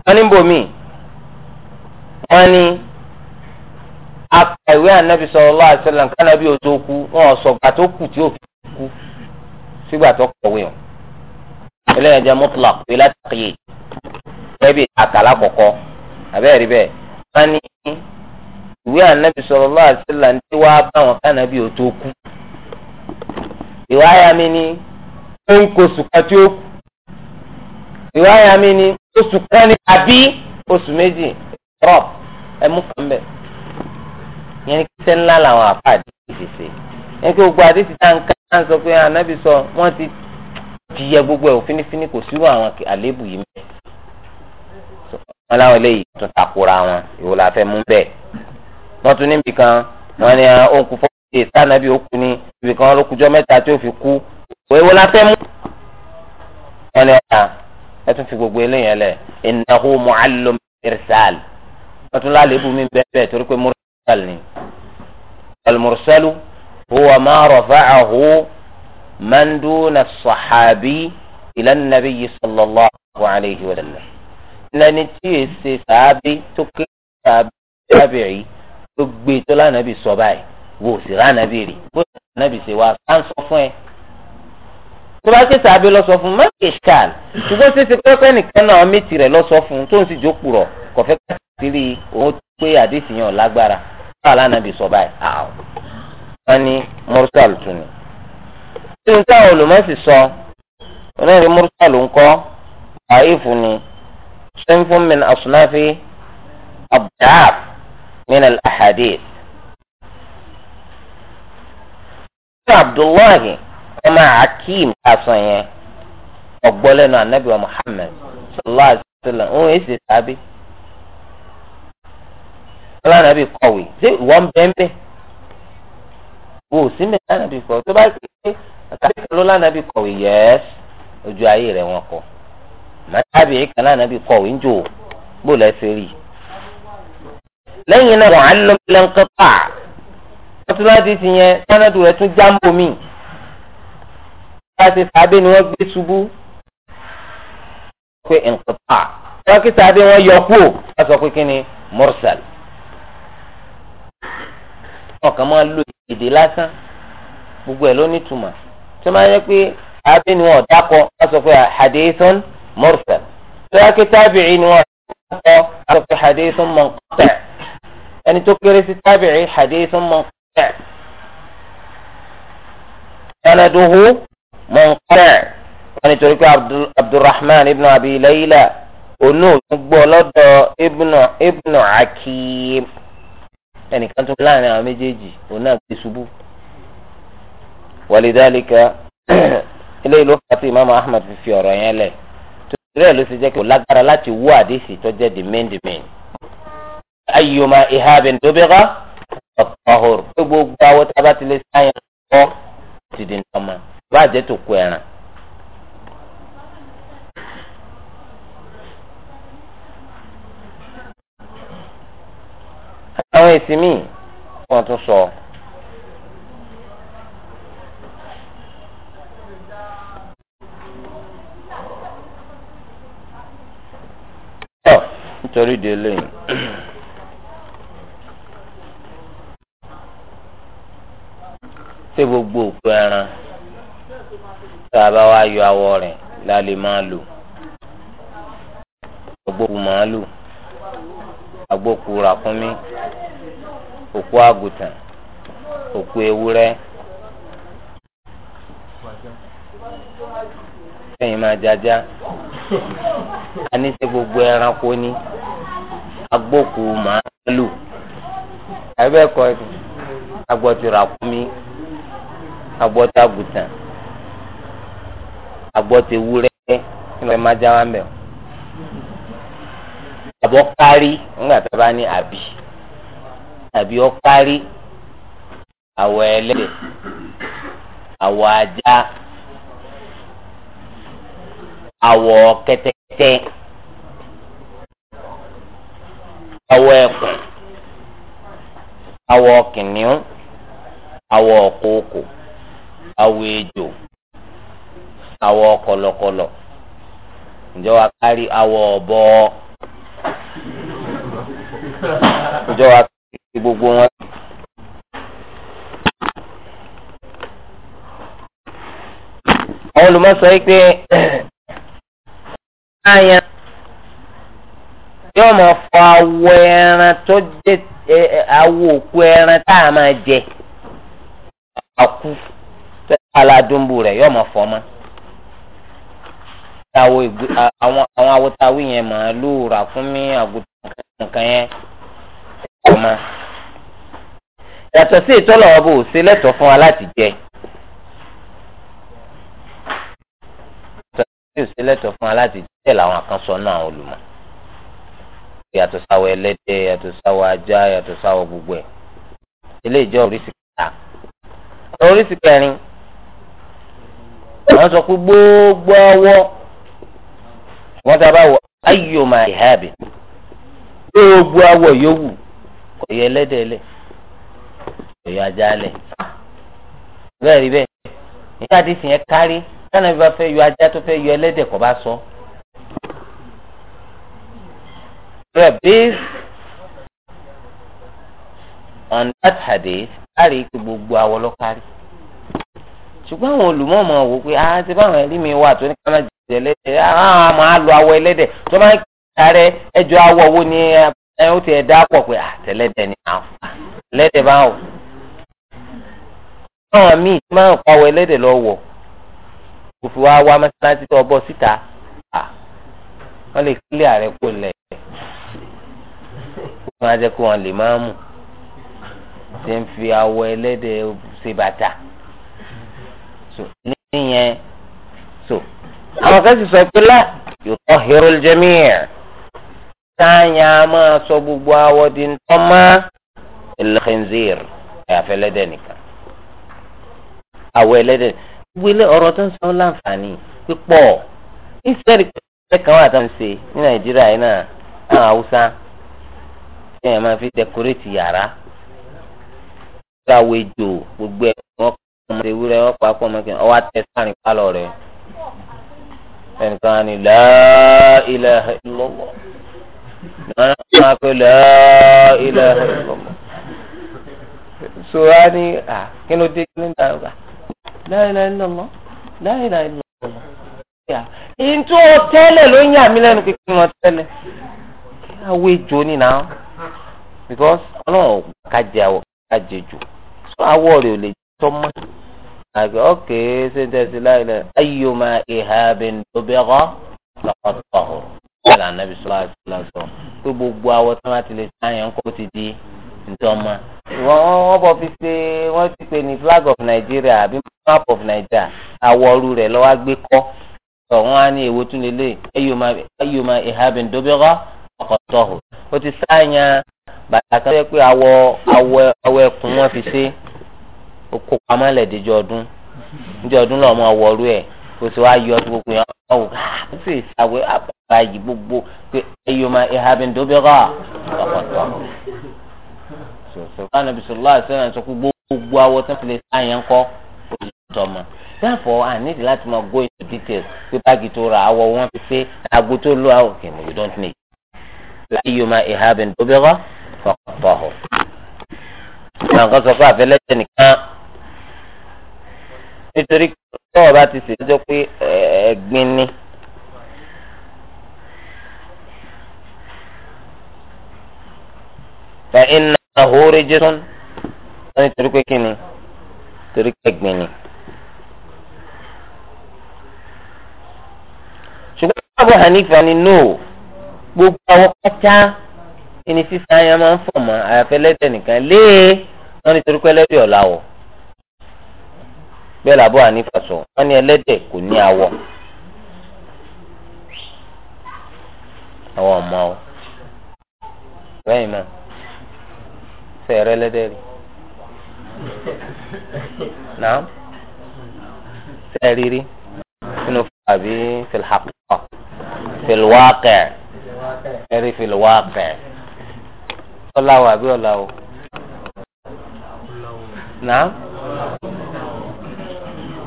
wọ́n ní bòmí wọ́n ní apá ìwé ànábì sallallahu alaihi wasallam kánábì ò tó kú wọ́n sọ̀gbà tó kù tí ò fi kú sígbà tó kọ̀wé o eléyàn jẹ́ mutlaq pé láti kéye ẹbí àkàlà kọ̀kọ́ àbẹ́ẹ̀rí bẹ́ẹ̀ wọ́n ní ìwé ànábì sallallahu alaihi wasallam tí wàá báwọn kánábì ò tó kú ìwáyà mi ni ó ń kó sùkà tí ó kù ìwáyà mi ni oṣù kan ni àbí oṣù méjì rọp ẹmú kan bẹ yẹn ní kíṣẹ́ ńlá làwọn àfa àdéhùn ti ṣe yẹn kí gbogbo àdéhùn ti tá nǹkan náà sọ pé ànábì sọ wọ́n ti ti yẹ gbogbo ẹ̀ òfinifini kò sírò àwọn àléébù yìí mẹ́ wọn láwọn eléyìí tún takora wọn ìwò la fẹ́ mú bẹ́ẹ̀ wọ́n tún níbi kan wọ́n ní òkú ah, fọ́ọ̀tì sànàbí òkú ni ibì kan ló kújọ́ mẹ́ta tí ó fi kú òwe la fẹ́ mú wọn ní ọ̀tá ah, ẹ tún fi gbogbo eléyàn lẹ innahu mu'allum irsal wọn tún láàlẹ ibùmí bẹ́ẹ̀ torí pé mursal ni al-mursalu huwa ma rafa'ahu man duna as-sahabi ila an-nabi sallallahu alayhi wa sallam lẹni tí yìí ṣe sàábí tó kí sàábìrì tó gbé tó lánàbì sọ báyìí wò sí ránàbì rí bó sì ránàbì ṣe wá sáńsọ fún ẹ tó bá ké sàbẹ lọ sọ fún mẹ́kì ṣkàn ṣùgbọ́n ṣíṣe pẹ́pẹ́ nìkan náà méjì rẹ̀ lọ sọ fún tó ń sì jókòó rọ̀ kò fẹ́ káàkiri òun pé àdéhùn yẹn lágbára báwa lánàbì sọ báyìí àwọn wọn ní mọ́rúsàlù tún ni. ṣé n táwọn olùmọ̀sí sọ onírìn mọ́rúsàlù ń kọ́ àìfù ni ṣẹ́ńfún min asunafi abdab min al-ahadith. Abdullahi ọmọ akeem asan yẹn ọgbọlẹnu anabi wa muhammed sallallahu alaihi wa sallam òun èsì sábẹ ọlọ anabi kọwé ṣé ìwọ ń bẹ ń bẹ wò sí mi anabi kọwé tó bá ṣe pé àtàkì ló lànàbì kọwé yẹs ojú ayé rẹ wọn kọ màtàbí kan lànàbì kọwé ń jò bó lẹsẹ lẹ́yìn náà wọn á lọ lẹńkọpà wọn tún láti ti yẹn sanadu rẹ tún jámbó míì láti sàbẹ̀ ni wọ́n gbé ṣubú pé nkùtà wọ́n kí sàbẹ̀ wọ́n yọ kú wọ́n sọ pé kí ni mursal. wọ́n kàn máa lo èdè lásán gbogbo ẹ̀ ló ní tùmọ̀ tí wọ́n máa yẹ pé sàbẹ̀ ni wọ́n dákọ̀ wọ́n sọ pé hadithun mursal tí wọ́n kí tábìrì ni wọ́n dákọ̀ wọ́n sọ pé hadithun munqati' ẹni tó kéré sí tábìrì hadithun munqati' sanaduhu munqati' wọn nítorí pé abdulrahman ibn abi layla onú òun gbọ́ lọ́dọ̀ ibn ibn akim ẹnìkan tó láàrin àwọn méjèèjì òun náà gbé ṣubú walidhalika ilé ìlú fati imaamu ahmed fi fi ọ̀rọ̀ yẹn lẹ̀ torí ẹ̀ ló ṣe jẹ́ kó lágbára láti wú àdéhìí tó jẹ́ dìmín dìmín ayyuma ihabin dubigha ọ̀tọ̀hùr gbogbo awọ tí a bá ti lè sáyẹn kọ́ ti di nǹkan bá jẹ́ tó kú ẹran. àwọn èsì míì wọ́n tún sọ. nítorí di eléyìí. ṣé gbogbo òkú ẹran tá a bá wá yọ awọ rẹ̀ la lè máa lò agbóku màálù agbóku ràkúnmí òkú àgùtàn òkú ewúrẹ́ sẹ́yìn máa jájá a ní ṣe gbogbo ẹranko ní agbóku màálù àbẹ́ẹ̀kọ́ agbọ́tù ràkúnmí agbọ́tù àgùtàn àgbọ̀tẹ̀ wúrẹ́ ńlọ ẹ̀ má já wa mẹ́ o. àbọ̀ kárí ńgbà tó bá ní àbí àbí ọ kárí àwọ̀ ẹlẹ́dẹ̀ àwọ̀ ajá àwọ̀ kẹ́tẹ́kẹ́tẹ́ àwọ̀ ẹkùn àwọ̀ kìnìún àwọ̀ ọ̀kọ̀ọ̀kọ̀ àwọ̀ ejò. awọ kọlọkọlọ ǹjọ́ wa awọ ọbọọ, ǹjọ́ wa gbogbo wọn. àwọn olùmọ̀sọ yìí pé yóò fọ awọ ẹran tó jẹ awọ òkú ẹran tá a máa jẹ àkú tó yẹ kó rẹ̀ yóò fọ táwo àwọn àwọn awotawi yẹn màálù ràkúnmí àgùntàn nǹkan yẹn ọmọ. yàtọ̀ sí ìtọ́lọ̀ ọba ò lẹ́tọ̀ọ́ fún wa láti jẹ. yàtọ̀ sí ìṣe lẹ́tọ̀ọ́ fún wa láti jẹ làwọn kan sọ náà olùmọ̀. yàtọ̀ sáwọ ẹlẹ́dẹ̀ yàtọ̀ sáwọ ajá yàtọ̀ sáwọ gbogbo ẹ̀. ilé ìjọ oríṣi kẹta. oríṣi kẹrin wọ́n sọ pé gbogbo ọwọ́ wọ́n sábà wọ ayọ̀mọ̀ ìhàbì gbogbo awọ yòówù kò yẹ ẹlẹ́dẹ̀ẹ́lẹ̀ kò yẹ ajá lẹ̀ bẹ́ẹ̀ rí bẹ́ẹ̀ nígbà tí ìsìn yẹn kárí tánàbí bá fẹ́ yọ ajá tó fẹ́ yọ ẹlẹ́dẹ̀ kò bá sọ. rẹ̀ based on that hadith a rí i pé gbogbo awọ ló kárí ṣùgbọ́n àwọn olùmọ̀ọ́mọ̀ wò pé a ah, ti báwọn ẹ̀rí mi wà tó ní ká má ẹlẹ́dẹ̀ àwọn àmọ́ àlọ́ awọ ẹlẹ́dẹ̀ tó máa ń kíkà rẹ ẹjọ́ awọ wo ni ẹ ó ti ẹ̀dá pọ̀ pé àtẹlẹ́dẹ̀ ni àwọn ẹlẹ́dẹ̀ bá wọ̀ àwọn míì tí máa ń kọ́ awọ ẹlẹ́dẹ̀ lọ wọ̀ kò fi wá wá mọ́sálásí tó ọbọ̀ síta wọ́n lè kílẹ̀ ààrẹ kó lẹ̀ wọ́n á jẹ́ kó wọn lè máa mú ṣe ń fi awọ ẹlẹ́dẹ̀ ṣe bàtà àwọn kan sì sọ pé lá yòókọ hero jẹmíẹ táyà máa sọ gbogbo awọ di ntọ́mọ́ ìlẹ̀kẹ̀nzìr àyàfẹ́ ẹlẹ́dẹ̀ nìkan àwọ̀ ẹlẹ́dẹ̀ wílé ọ̀rọ̀ tó ń sọ láǹfààní pípọ̀ ìsẹ́rì pẹ̀lẹ́ kan wà tó ń ṣe ní nàìjíríà yìí náà àwọn haúsá tí wọ́n máa fi dẹkórétì yàrá tó àwọ̀ gbogbo ẹ̀ wọ́n pa ọmọ ewúrẹ́ wọ́n pa ọmọ kẹ́ ọ wá tẹ rẹ̀ ẹnìkan ni la ilaha illallah náà máa pe la ilaha illallah sora ni à kí ló dé kí ló ń ta ọgbà la ilaha illallah la ilaha illallah ìtú tẹ́lẹ̀ ló ń yà mí lẹ́nu pé kí wọ́n tẹ́lẹ̀ awo ejo ni na because ọlọ́run kájẹ awọ kájẹ jù so awọ rẹ̀ ò lè tọ́ mọ́ àbí ọkè ṣèǹtẹ̀sì láìlẹ̀ ayọ̀mà ìhàbìn tóbẹ́rọ́ lọ́kọ̀tọ̀hùn ṣẹlẹ̀ ànábì sọ́lá ṣọlá sọ pé gbogbo awọ tí wọ́n ti lè sáyẹn ńkọ́ ti di ntọ́mọ. wọ́n bọ̀ fi ṣe wọ́n ti pè ní flag of Nigeria àbí map of Nigeria awọ́rú rẹ̀ lọ́wọ́ gbé kọ́ ọ̀hún á ní èwo tún lélẹ̀ ayọ̀mà ìhàbìn tóbẹ́rọ́ lọ́kọ̀tọ̀hùn ó ti sáyẹn bàtà kó pamọ́ lẹ̀ díjọ́ ọdún díjọ́ ọdún lọ́ọ́ máa wọlú ẹ̀ kó sì wá yọ gbogbo yẹn wọ́n wò ó sì ṣàwẹ́ àbá yìí gbogbo pé ẹyọ máa ẹ ha bí n dóbi rà ọ̀pọ̀tọ̀. sọ̀rọ̀ nàbì sọ̀rọ̀ àti sọ̀rọ̀ àti gbogbo awọ tó fi lè sáyẹn ń kọ́ tọmọ therefore i need láti máa go into details pé báàgì tó ra awọ wọn fi ṣe àgbo tó lọ àwọn kìnnì you don't need. láyé yóò máa ìhà bẹ̀ ń dóbi rà ọ̀pọ̀tọ̀ nítorí tọ́wọ́ bá ti ṣe jọ pé eh, ẹ̀gbin ni. fa iná ahóore jésùn wọ́n ní pé kí ni torí pé ẹ̀gbin ni. ṣùgbọ́n Abu Hanifa ni no gbogbo àwọn pátá ẹni sísan ayé máa ń fọ̀ mọ́ àyàfẹ́ lẹ́tẹ̀ nìkan léè wọ́n ní pé lẹ́tẹ̀ ọ̀làwọ̀ bẹ́ẹ̀ làbọ̀ ànífà sọ wọ́n ní ẹlẹ́dẹ̀ kò ní awọ. àwọn ọmọ o bẹ́ẹ̀ náà sẹ̀rẹ̀ ẹlẹ́dẹ̀ rí náà sẹ́ẹ̀rí rí sínú àbí filhakọ filwakẹ ẹ̀rí filwakẹ ọ̀làwọ̀ àbí ọ̀làwọ̀ náà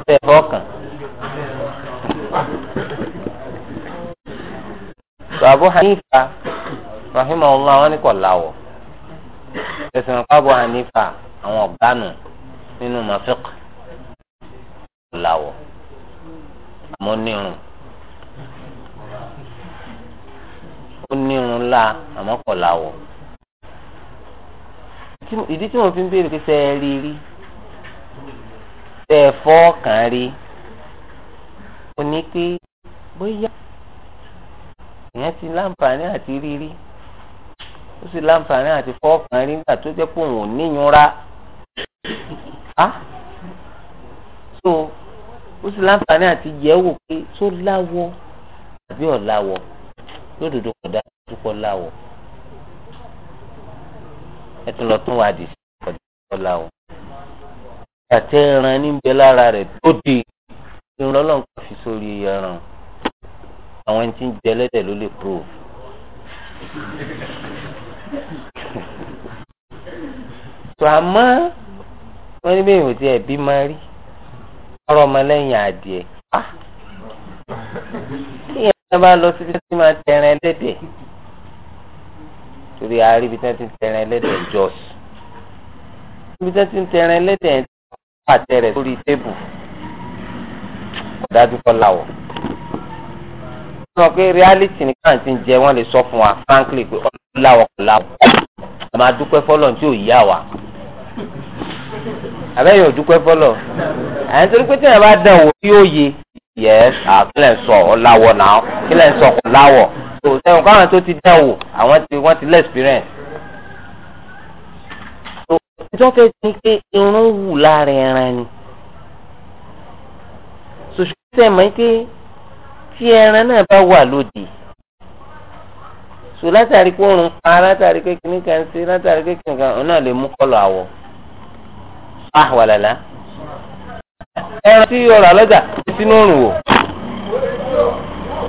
fẹ́ fọ́kàn. Abu Hanifa rahimahullah wọn ni kò láwọ̀ ẹ̀sìn ọ̀pá Abu Hanifa àwọn ọ̀gbánu nínú mafik kò láwọ̀ àmọ́ nírun ó nírun ńlá àmọ́ kò láwọ̀ ìdí tí mo fi ń béèrè pé sẹ́ẹ̀ rí rí tẹ́ ẹ fọ́ọ̀kàn rí o ní pé bóyá ìyẹn ti láǹfààní àti rírí ó sì láǹfààní àti fọ́ọ̀kàn rí nígbà tó jẹ́ pé òun ò níyunra so ó sì láǹfààní àti yẹ̀wò pé tó láwọ̀ àbí ọ̀làwọ̀ lódodo kò dá dúpọ̀ láwọ̀ ẹ tún lọ tún wádìí àti ẹran níbẹ̀ lára rẹ̀ tó di irun ọlọ́run kò fi sórí ẹran àwọn ẹni tí ń jẹ ẹlẹ́dẹ̀ ló lè pro. tó àmọ́ wọ́n ní bẹ́ẹ̀ òtí ẹ̀bí máa rí ọ̀rọ̀ ọmọlẹ́yìn adìẹ. ìyẹn ah! náà bá lọ síbi tí máa tẹran ẹlẹ́dẹ̀ torí àárí ibi tí wọ́n ti tẹran ẹlẹ́dẹ̀ jọ́sì ibi tí wọ́n ti tẹran ẹlẹ́dẹ̀ pàtẹ rẹ̀ sórí tébù ọ̀dájú kọ́ làwọ̀. sọ pé reality ní káàntì ń jẹ wọ́n lè sọ fún wa frankly pé ọ̀dájú làwọ̀ kọ́ làwọ̀ àmọ́ adúpẹ́ fọ́lọ̀ tí ò yí àwà. àbẹ́yẹ̀ òdúpẹ́ fọ́lọ̀ àyẹ̀ nítorí pé tíyẹ̀ bá dán wò yóò yé yes kílẹ̀ ń sọ ọ̀làwọ̀ náà kílẹ̀ ń sọ ọ̀làwọ̀ tó sẹ́wọ̀n káwọn tó ti dán wò àwọn ti wọ́n ti lẹ́ ìjọ fẹ́ ni pé irun wù lára ẹran ni sòṣùpẹ́ sẹ́ mọ́ pé tí ẹran náà bá wà lóde sò látàrí pé òun pa látàrí pé kìnnì kan sí látàrí pé kìnnì kan òun náà lè mú kọ́lọ̀ àwọ̀ àwàlàlà ah, ẹran tí ọ̀rọ̀ àlọ́jà ti sínú òrùn wò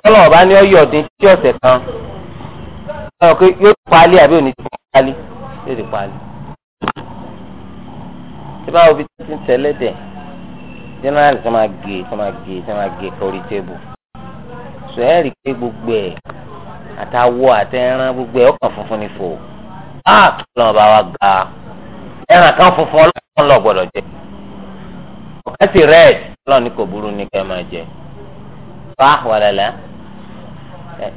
kọ́lọ̀ ọ̀bá ni ọ̀yọ̀ ọ̀dín tí ọ̀sẹ̀ kan ọ̀rọ̀ pé yóò palẹ̀ àbí òní ti palẹ̀ yóò ti palẹ̀ tí báwo bí tí ń tẹ̀lé dẹ̀ general sọ máa gé sọ máa gé sọ máa gé kọrí tébù sọ ẹ rí i pé gbogbo ẹ àtàwọ àtẹran gbogbo ẹ ọkàn funfun ni fò á ah! lọ́n bá wa ga ẹran kan funfun ọlọ́run lọ gbọ́dọ̀ jẹ ọ̀kẹ́ sì red ọlọ́run ní kò burú ní kẹ́ máa jẹ fa wàlálà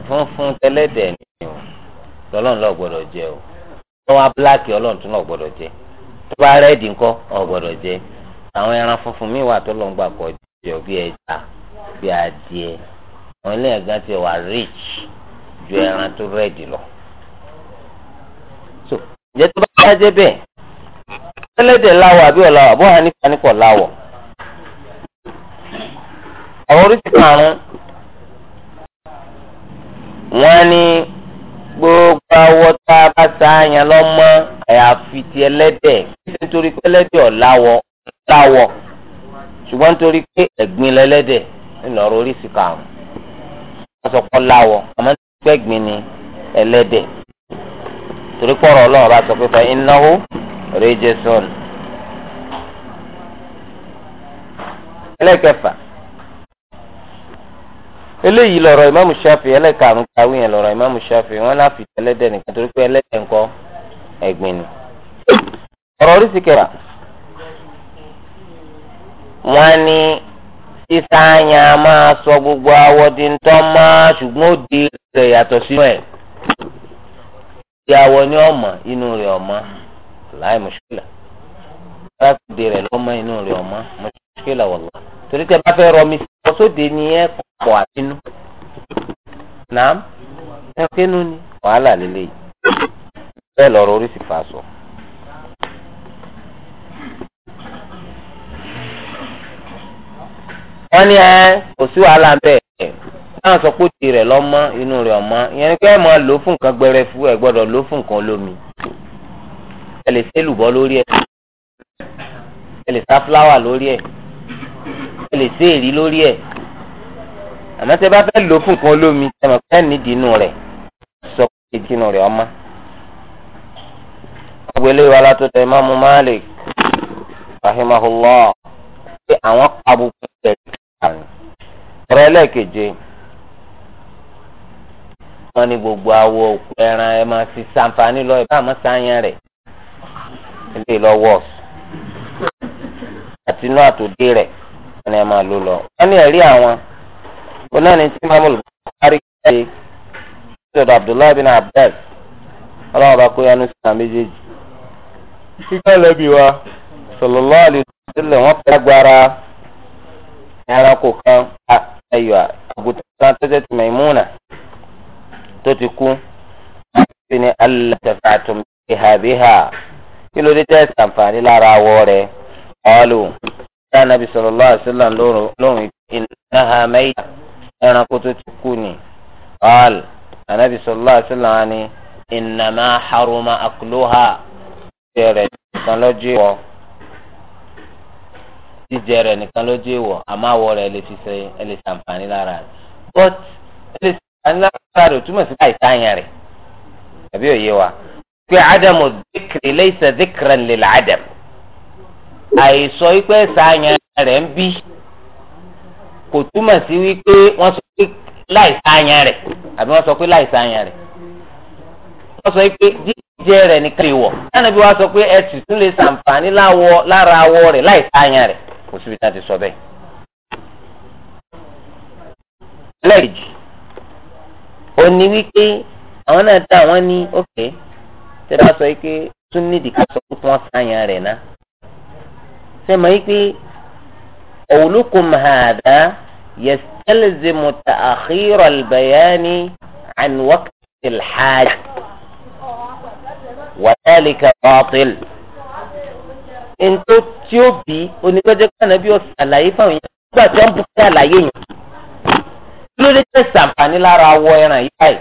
funfun tẹ́lẹ̀dẹ̀ ni o lọ́lọ́run lọ gbọ́dọ̀ jẹ o lọ́wọ́ tó bá rẹ́ẹ̀dì ńkọ́ ọ̀gbọ̀dọ̀ jẹ àwọn ẹran funfun míì wà tó lọ́n gbà kọ́ jẹ bí ẹja bí adìẹ ti wà rich ju ẹran tó rẹ́ẹ̀dì lọ. so ǹjẹ́ tó bá jẹ́ bẹ́ẹ̀ ẹlẹ́dẹ̀ láwọ̀ àbí ọ̀làwọ̀ àbọ̀ hàn nípa nípa gbogbo awọ tá a bá àyàfi ti ẹlẹ́dẹ̀ nítorí pé ẹlẹ́dẹ̀ ọ̀làwọ̀ ọ̀làwọ̀ ṣùgbọ́n nítorí pé ẹ̀gbin lẹ́lẹ́dẹ̀ ńlọrọ̀ oríṣi karùn-ún wọ́n sọ pé láwọ̀ àmọ́ nítorí pé ẹ̀gbin ni ẹlẹ́dẹ̀ torí pọ̀rọ̀ ọlọ́run bá sọ pé fa innahu rijsun. ẹlẹ́kẹfà eléyìí lọ̀rọ̀ ìmáàmù Ṣáfi'í ẹlẹ́karùn-ún kàwé yẹn lọ̀rọ̀ ìmáàmù Ṣáfi'í wọn láfi tẹ́lẹ́dẹ̀ nìkan torí pé ẹlẹ́dẹ̀ ńkọ́ ẹ̀gbin ni ọ̀rọ̀ oríṣi kẹwàá wọ́n ní sísáyà máa sọ gbogbo awọ di ńtọ́ máa ṣùgbọ́n ó di rẹ̀ yàtọ̀ sínú ẹ̀ ti awọ ní ọmọ inú rẹ̀ ọmọ láì mùṣkílà arákùnrin rẹ̀ lọ́mọ inú rẹ̀ ọmọ mùṣkílà wọ̀lọ́ torí tẹ bá fẹ́ rọ mi sọ sóde ni ẹ pọ̀ àtinú nàám ẹ kínú ni wàhálà lélẹ́yìí bẹ́ẹ̀ lọ́rọ̀ oríṣi fà sọ. So. wọ́n ní ẹ kò sí wàhálà náà sọ pé rẹ̀ lọ́mọ inú rẹ̀ ọ̀mọ ìyẹn ni pé ẹ máa fún nǹkan gbẹrẹ fún ẹ gbọ́dọ̀ lò fún nǹkan olómi ẹ lè sé lùbọ́ lórí ẹ ẹ lè sá fúláwà lórí ẹ ẹ lè sé èrí lórí ẹ àmọ́ tẹ bá fẹ́ lò fún nǹkan olómi ẹ mọ̀ pé rẹ̀ sọ pé rẹ̀ ọmọ. ọgbẹ́lẹ́ wa látọ̀tọ̀ Imam Malik rahimahullah pé àwọn pa ẹ̀rọ ẹlẹ́ẹ̀keje wọn ni gbogbo awọ òkú ẹran ẹ máa fi lọ ìbá àmọ́ sáyẹn rẹ̀ ilé lọ́wọ́ àti inú rẹ̀ ẹ máa lò lọ. wọ́n ní ẹ̀rí àwọn onáni tí mamul kárí kẹ́lẹ́ ṣọ̀dọ̀ Abdullahi bin Abbas ọlọ́run bá kó sí àwọn méjèèjì. ṣíkẹ́ wa sallallahu alaihi wasallam wọ́n fẹ́ gbára. ẹranko kan ayọ̀ àgùntàn tẹ́tẹ́ ti Maimuna tó ti kú ṣe ni alẹ́tẹ̀fàtún ìhàbíhà kí ló dé tẹ́ ṣàǹfààní lára awọ rẹ̀ ọ̀ọ́lù ṣáà nàbì sallallahu alaihi wasallam lóhùn ìnáha mẹ́yà ẹranko tó ti kú ni ọ̀ọ́lù ànàbì sallallahu alaihi wasallam ni ìnàmá haruma akluha ṣe rẹ̀ kan jíjẹ rẹ̀ nìkan ló jẹ́ ìwọ̀ àmọ́ àwọ̀ rẹ̀ lè fi ṣe ẹ ṣàǹfààní lára rẹ̀ but ẹ lè ṣàǹfààní lára rẹ̀ túmọ̀ sí àìsáyàn rẹ̀ tàbí òye wa pé ádámù dhikri laysa dhikran lil ádám àìsọ wípé ṣàyàn rẹ̀ ń bí kò túmọ̀ sí wípé wọ́n sọ pé láìsáyàn rẹ̀ àbí wọ́n sọ pé láìsáyàn rẹ̀ wọ́n sọ pé jíjẹ rẹ̀ nìkan lè wọ̀ lánàá bí wọ́n sọ pé ẹ tún lè ṣàǹfààní lára awọ rẹ̀ láìsáyàn rẹ̀ kò síbi tá a ti sọ bẹ́ẹ̀. lẹ́ẹ̀jì ó ní wípé àwọn náà dá àwọn ní òkè tí wọ́n sọ wípé tún nídìí ká sọ fún wọn sáyàn rẹ̀ ná. ṣé mọ̀ wípé òwúlùkùn hàdá yẹ̀sítẹ́lẹ̀zẹ̀ mọ̀tà àkírọ̀ àlùbẹ̀yání àníwọ́kì tìlhàj wàtálìkà bọ́tìlì ntó tí ó bí onígbàjẹ́ kánàbí ọ̀sàlàyé fáwọn èèyàn nígbà tí wọ́n bùkún àlàyé yẹn lórí tẹ̀ sàǹfààní lára awọ ẹran yìí báyìí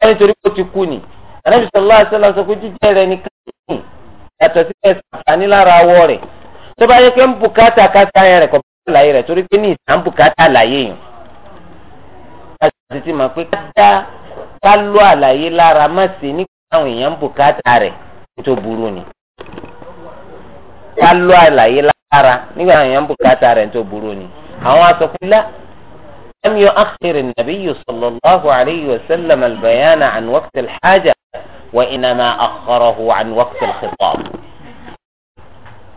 wọ́n nítorí pé ó ti kú ni ànábì sọlá àṣẹlá sọ pé jíjẹ rẹ ní káyìn yàtọ̀ sí tẹ̀ sàǹfààní lára awọ rẹ̀ tó bá yẹ kí ń bùkátà kásá yẹn rẹ̀ kọ̀ bá àlàyé rẹ̀ torí pé ní ìsàn bùkátà àlàyé yẹn ká ká àlàyé lára má ṣe nígbà táwọn èèyàn bùkátà rẹ̀ tó burú ni ká lọ àlàyé lára nígbà àwọn èèyàn bùkátà rẹ̀ tó burú ni àwọn asọ̀kúnlá لم يؤخر النبي صلى الله عليه وسلم البيان عن وقت الحاجة وإنما أخره عن وقت الخطاب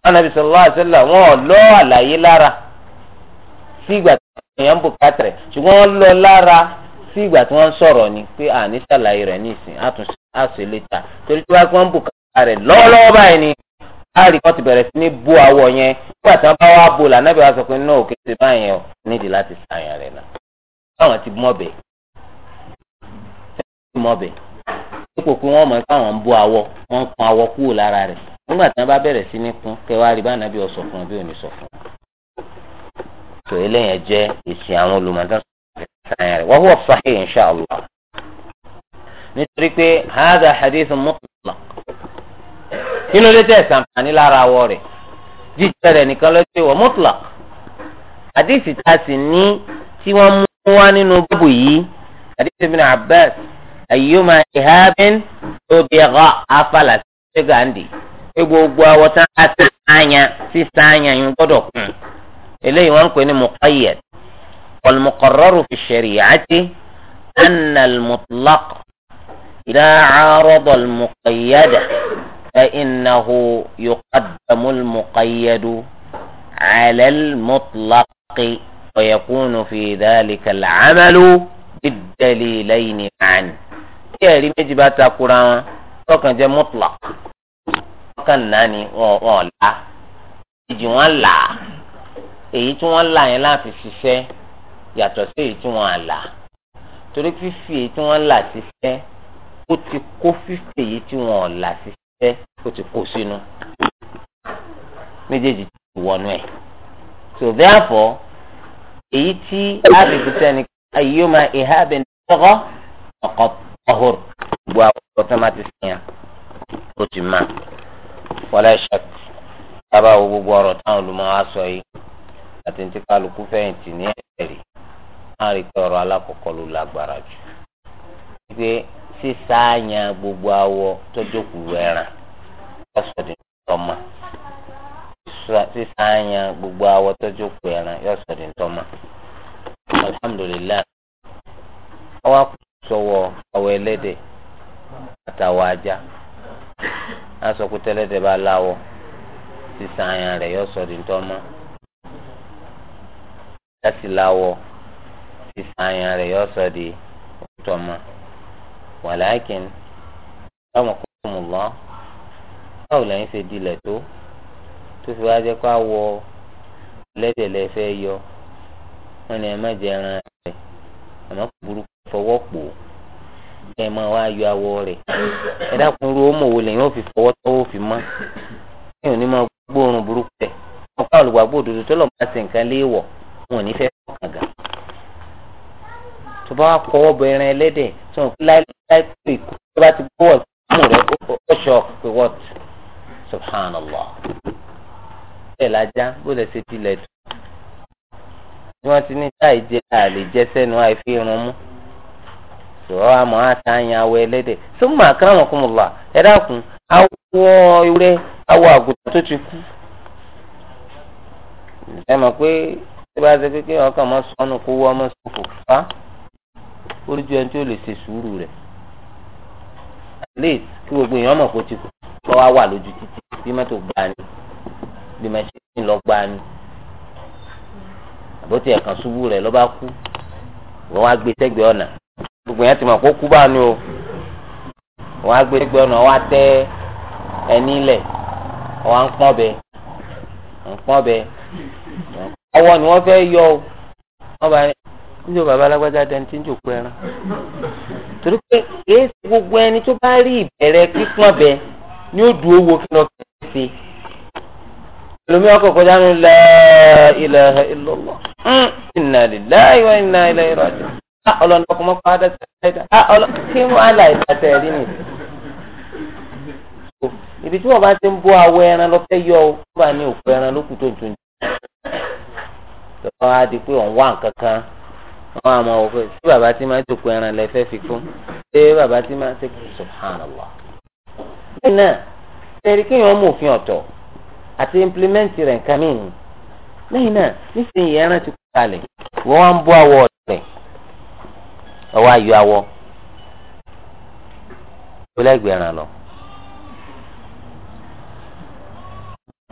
النبي صلى الله عليه وسلم wọ́n lọ àlàyé lára sígbà tí wọ́n bùkátà rẹ̀ ṣùgbọ́n wọ́n lọ lára sígbà tí wọ́n sọ̀rọ̀ ni pé àní sàlàyé rẹ̀ ní àtúnṣe àṣẹ lẹ́tà torí tí wọ́n bùkátà rẹ̀ lọ́wọ́lọ́wọ́ báyìí ni àárí kan ti bẹ̀rẹ̀ sí ní bó awọ yẹn nígbà tí wọ́n bá wá bó lànà ìbára sọ pé náà òkè ti báyẹn o nídìí láti sàyàn rẹ̀ náà báwọn ti mọ̀bẹ̀ ti mọ̀bẹ̀ dípò pé wọ́n mọ̀ pé àwọn ń bó awọ wọ́n ń kun awọ kúrò lára rẹ̀ nígbà tí wọ́n bá bẹ̀rẹ̀ sí ní kun kẹwàá rí bá nàbí ó sọ fún un bí ò ní sọ fún un. tó eléyẹn jẹ́ èsì àwọn olùmọ̀tán inú ilé tẹ̀ sàǹfààní lára awọ rẹ̀ jíjẹ rẹ̀ nìkan ló ṣe wọ̀ mutlaq àdìsí ta sì ní tí wọ́n mú wá nínú bábù yìí àdìsí ibn Abbas ayyuma ihabin obìnrin afala ṣe gàǹdì pé gbogbo tán á ti sáyà sí sáyà yín gbọ́dọ̀ kún eléyìí wọ́n ń pè ní muqayyad والمقرر في الشريعة أن المطلق إذا عارض المقيد فإنه يقدم المقيد على المطلق ويكون في ذلك العمل بالدليلين معا ẹ̀rí méjì bá takora wọn tọkàn jẹ́ mutlaq tọkàn náà ni wọn wọn là èjì wọn là èyí tí wọn là yẹn láti ṣiṣẹ́ yàtọ̀ sí èyí tí wọn là torí fífi èyí tí wọn là ṣiṣẹ́ ó ti kó fífi èyí tí wọn là ṣiṣẹ́ fẹ́ kó ti kó sínú méjèèjì ti wọnú ẹ̀ so therefore èyí tí ábìbí sẹ́ni ayyuma ìhábẹ̀ ńlọ́gọ́ ọ̀kọ́ ọ̀hún gbogbo àwọn ọ̀tọ́ máa ti sìn yàn ó ti máa wọlé ṣak tábà wo gbogbo ọ̀rọ̀ táwọn olùmọ̀ á sọ yìí àti ní ti kálukú fẹ̀yìntì ní ẹ̀rí máa rí pé ọ̀rọ̀ alákọ̀ọ́kọ́ ló lágbára jù sísáàyàn gbogbo awọ tọjọkù ẹran yọsọdì ntọmọ sísáàyàn gbogbo awọ tọjọkù ẹran yọsọdì ntọmọ alhamdulilayi ọwọ akọsọwọ awọ ẹlẹ́dẹ̀ àtàwọn ajá asọkú tẹlẹdẹ bá láwọ sísáàyàn rẹ̀ yọsọdì ntọmọ láti láwọ sísáàyàn rẹ̀ yọsọdì ntọmọ. wàláàkín ọmọkùnrinmùlá báwo lẹ́yìn ṣe dilẹ̀ tó tó fi wá jẹ́ pé yọ wọn ni ẹ jẹ ẹran máa wá yọ awọ rẹ ẹ dákun ru ọmọ òfin ẹ ò ní máa gbóòórùn burúkú tó ṣe nǹkan bọ ẹran sọ láíláí pé ikú tó bá ti gbọ́ ọ̀sán rẹ̀ ó ṣọ pé what subhanallah bẹ́ẹ̀ lajá bóde ṣe tilẹ̀ tó bí wọ́n ti ní táì jẹ́ àlè jẹ́ sẹ́nu àìfi irun mú sọ̀rọ̀ àmọ́ àtàyàn awọ ẹlẹ́dẹ̀ sọ́mọ́ akramakumullah ẹ dákun awọ ewúrẹ́ awọ àgùntàn tó ti kú ẹ mọ̀ pé tí bá ṣe pé kí ọkàn mọ́ sọnù kó wọ́ ọmọ sọ̀kò fà á. orí ẹni tí ó lè ṣe sùúrù late kí gbogbo èèyàn mọ̀ kó ti kú kọ́ wá wà lójú títì bí mọ́tò gbá ni bí mẹ́ṣíìnì lọ gbá ni àbótí ẹ̀kan ṣubú rẹ̀ bá kú wọ́n wá gbé sẹ́gbẹ̀ẹ́ ọ̀nà gbogbo yẹn ti mọ̀ kó kú bá ni o wọ́n á gbé sẹ́gbẹ̀ẹ́ ọ̀nà wọ́n tẹ́ ẹni lẹ̀ wọ́n á ń pọ́n bẹ́ẹ̀ ń ni wọ́n fẹ́ yọ o wọ́n níjọ bàbá alágbádá dẹni tí ń jòkó ẹran torí pé èyí gbogbo ẹni tó bá rí ìbẹ̀rẹ̀ kíkan bẹ ni ó dùn owó kí lọ́ọ́ kẹ́kẹ́ sí i ẹlòmí ọkọ̀ kọjá ní la ilaha illallah hmm. inna lillahi wa inna ilaihi raji'un a ah, ọlọ́ni ọkọ̀ mọ́kọ́ adásá ẹ̀dá a ah, ọlọ́ni kí wọ́n á là ìdásá ẹ̀rí nì ibi tí wọn bá ti ń bó awọ ẹran lọ fẹ́ yọ ọ wọn bá ní òkú ẹran lókùtò tuntun lọ́wọ́ á di pé òun wá nǹkan kan àwọn àmọ́ wò pé tí bàbá tí máa jòkó ẹran lẹ fẹ́ fi fún ṣé bàbá tí máa ṣe kí subhanallah. lẹ́yìn náà tẹ̀rí kí wọ́n mú òfin ọ̀tọ̀ àti implement rẹ̀ nǹkan mí ni lẹ́yìn náà nísìnyí ẹran ti kú kalẹ̀ wọ́n ń bọ́ awọ ọ̀tẹ̀ ọwọ́ ayọ̀ awọ ọlẹ́gbẹ̀ràn lọ.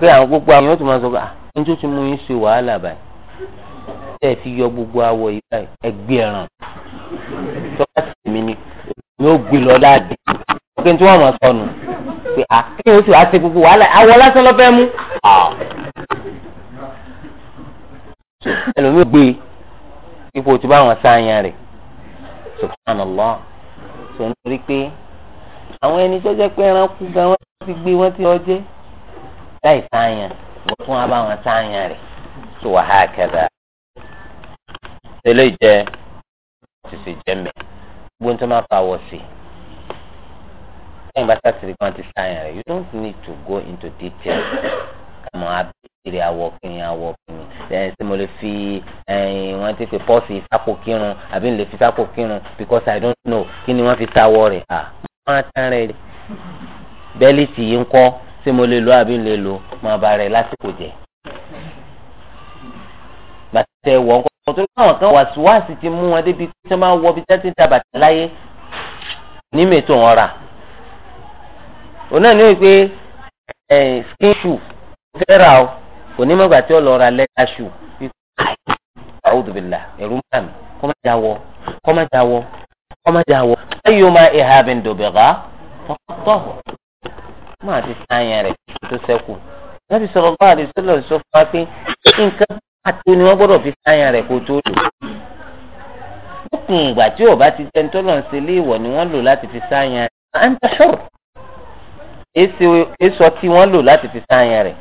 pé àwọn gbogbo àwọn yóò tún máa sọ pé à ah, ń tó ti mú yín ṣe wàhálà tẹ́ ẹ fi yọ gbogbo awọ yìí báyìí ẹgbẹ́ ẹ̀ràn tọ́ka sí mi ni mi ò gbé lọ dáadé pé tí wọ́n mọ̀ sọnù pé àkínyìn oṣù àti gbogbo wàhálà awọ lásán lọ́fẹ́ mú. ẹlòmíì gbé ipò tí báwọn sáyàn rẹ̀ subhanallah sọ nítorí pé àwọn ẹni tó jẹ́ pé ẹranko gan wọ́n ti gbé wọ́n ti ọjẹ́ láì sáyàn wọ́n tún wá báwọn sáyàn rẹ̀ tó wàhálà kẹta tẹ́lẹ̀ jẹ́ ṣèṣe jẹ́mbẹ́ gbogbo tó máa fa wọ̀ sí ẹ̀yìn bá sàṣìrí kan ti sáyẹn rẹ̀ you don't need to go into detail àmọ́ abẹ́rẹ́ awọ kìnìún awọ kìnìún ẹ̀yìn tí mo lè fi ẹ̀yìn wọ́n ti fi pọ́ọ̀sì sápò kírun àbí n lè fi sápò kírun because I don't know kí ni wọ́n fi sáwọ́ rẹ̀ à máa tán rẹ̀ bẹ́ẹ̀lì tì yín kọ́ tí mo lè lo àbí n lè lo máa bá rẹ̀ lásìkò jẹ́ bàtẹ́ wọ́n kọ́ ọ̀tún káwọn kan wàsíwàsí ti mú wọn débi tí wọ́n máa wọ bí tẹ́tí ta bàtà láyé ní mẹ́tò wọn rà òun náà ní wípé skin shoe fẹ́ ra o kò ní mọ̀gbà tí ó lọ ra leather shoe àwùdùbìlà ẹ̀rú ń bà mí kọ́ má já wọ kọ́ má já wọ kọ́ má já wọ ayò máa ìhà bí ndòbẹ̀gá tọ́kọ̀tọ̀ máa ti sáyẹn rẹ̀ tó sẹ́kù. Nabi sallallahu alaihi wasallam sọ fún wa pé àti ni wọ́n gbọ́dọ̀ fi sáyàn rẹ̀ kó tó lò lókun ìgbà tí ò bá ti jẹ́ nítorí ọ̀nà sílé ìwọ̀ ni wọ́n lò láti fi sáyàn rẹ̀ à ń tẹ̀sọ̀rọ̀ èso tí wọ́n lò láti fi sáyàn rẹ̀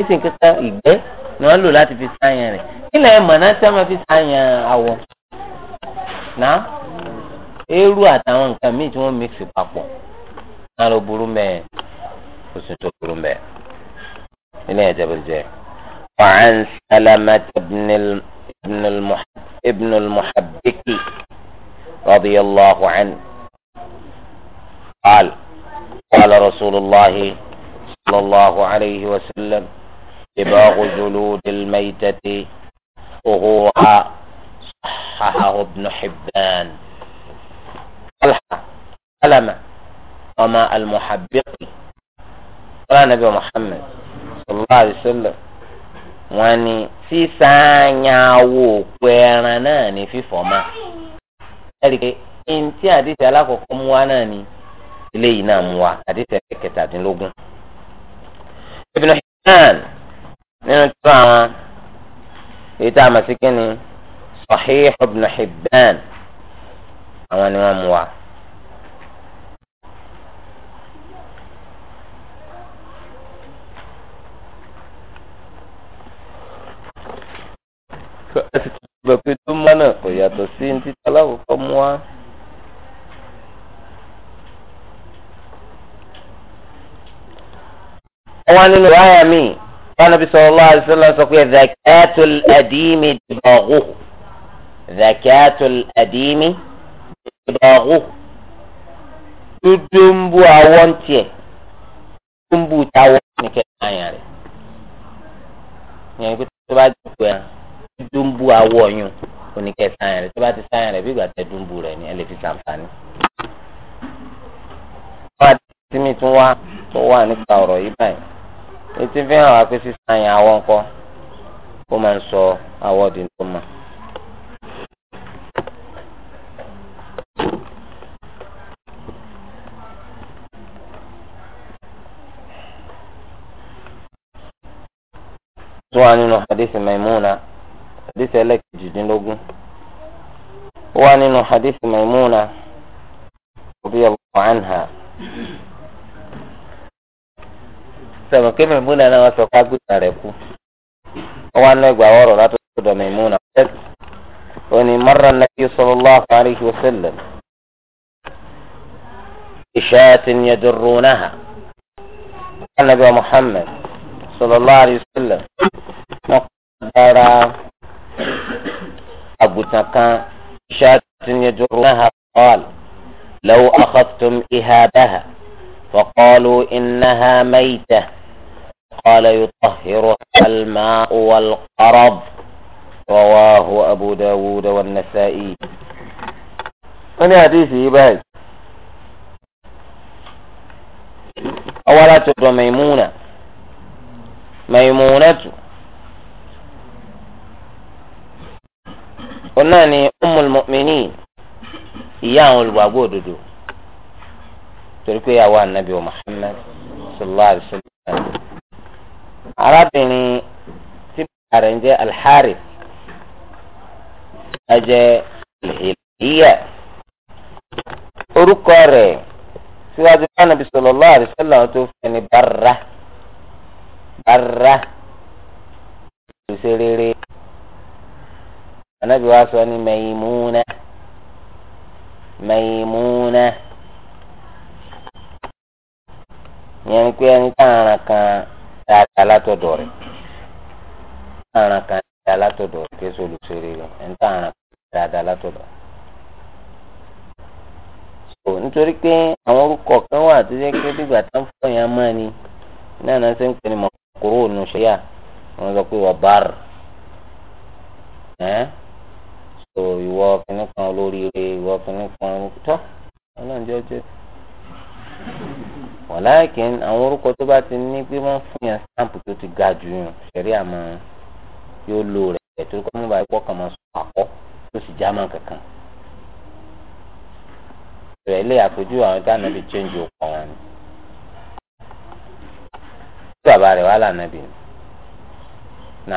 èsì kankan ìgbẹ́ ni wọ́n lò láti fi sáyàn rẹ̀ nílẹ̀ mọ̀nà tí wọ́n fi sáyàn awọ náà eérú àtàwọn nǹkan míì tí wọ́n mix papọ̀ náà ló burú mẹ́ẹ̀ kò sí tó burú mẹ́ẹ̀ nílẹ̀ ìjẹ́bẹ̀jẹ́. وعن سلمة بن ابن المحب ابن المحبك رضي الله عنه قال قال رسول الله صلى الله عليه وسلم صباغ جلود الميتة ظهورها صححه ابن حبان طلحة سلمة وما المحبق قال النبي محمد صلى الله عليه وسلم wọ́n ní sísáyàwó òpó ẹran náà ní fífọ́ ma ẹ̀rí pé ẹni tí àdìsí mú wa náà ni eléyìí náà mú wa àdìsí kẹtàdínlógún. Ibn Hibban nínú tí àwọn èyí tá a mọ̀ sí kí ni Sahih Ibn Hibban àwọn ni wọ́n mú wa. a sì tún gbọ́ pé tó mọ́ náà kò yàtọ̀ sí ní títí alákọ̀ọ́kọ́ mú wá. wọn nínú wáyà mi fanabi sallallahu alaihi wasallam sọ pé zakatul adimi dibaghu zakatul adimi dibaghu dúdú ń bu àwọn tiẹ̀ ń bu tàwọn nìkẹ́ náà yàrá yẹn kí tó bá dùn pé dúnbú awọ ọyún oníkẹsàn yẹn rẹ tí bá ti sáyẹn rẹ bí ìgbà tẹ dúnbú rẹ ni ẹ lè fi sàǹfààní. wọ́n á ti mi tún wá tó wà nípa ọ̀rọ̀ yìí báyìí etí fi hàn wá pé sísáyẹn awọ ńkọ́ ó máa ń sọ awọ di tó mọ̀. tó wà nínú hadith ẹlẹ́kejìdínlógún ó wà nínú hadith maimuna radiyallahu anha sọ̀rọ̀ kí maimuna náà wọ́n sọ ká gbèsè rẹ̀ kú ó wà nínú ẹgbàá ọ̀rọ̀ látọ̀dọ̀ maimuna ó ní marra nabi sallallahu alayhi wa sallam ishaatin yadurrunaha anabi muhammad sallallahu alayhi wa sallam wọn kọ́ dára. àgùntàn kan شاة يجرونها قال لو أخذتم إهابها فقالوا إنها ميتة قال يطهرها الماء والقرض رواه أبو داود والنسائي من حديثه بعد أولا تبقى ميمونة ميمونة òun náà ni ummul mu'minin ìyá àwọn olùgbàgbọ́ òdodo torí pé àwa ànábì wa Muhammad sallallahu alayhi wa sallam arábìnrin tí bàbá rẹ̀ ń jẹ́ alḥarif ẹjẹ ìyá orúkọ sallallahu alayhi wa sallam tó fẹ́ ni bàrà bàrà ìṣe rere anabi wa sọ ni Maimuna Maimuna yẹn ni pé ẹni tààràn kan dáadáa látọ̀dọ̀ rẹ̀ tààràn kan dáadáa látọ̀dọ̀ rẹ̀ kí sọlù ṣeré rẹ̀ ẹni tààràn kan dáadáa látọ̀dọ̀ rẹ̀. so nítorí pé àwọn orúkọ kan wà tó jẹ́ pé dìgbà tá ń fọ yẹn ni náà náà ṣe ń pè ní mọ̀kúrò nù ṣẹ́yà wọ́n sọ pé wọ́n bá rẹ̀ ẹ́. tó ìwọ kìnnì kan olóríire ìwọ kìnnì kan tọ́ ọlọ́njọ́ jẹ́ wàláìkín àwọn orúkọ tó bá ti ní pé wọ́n fún yàn sáǹpù tó ti ga jù yàn ṣẹ̀rí àmọ́ yóò lo rẹ̀ tó kọ́ mọ́ báyìí pọ́kàn máa sọ àkọ́ tó sì já máa kankan rẹ̀ lé àpèjú àwọn dáná bíi chẹ́ǹjì ọkọ̀ wọn ni tí bàbá rẹ̀ wà lànà bì ní.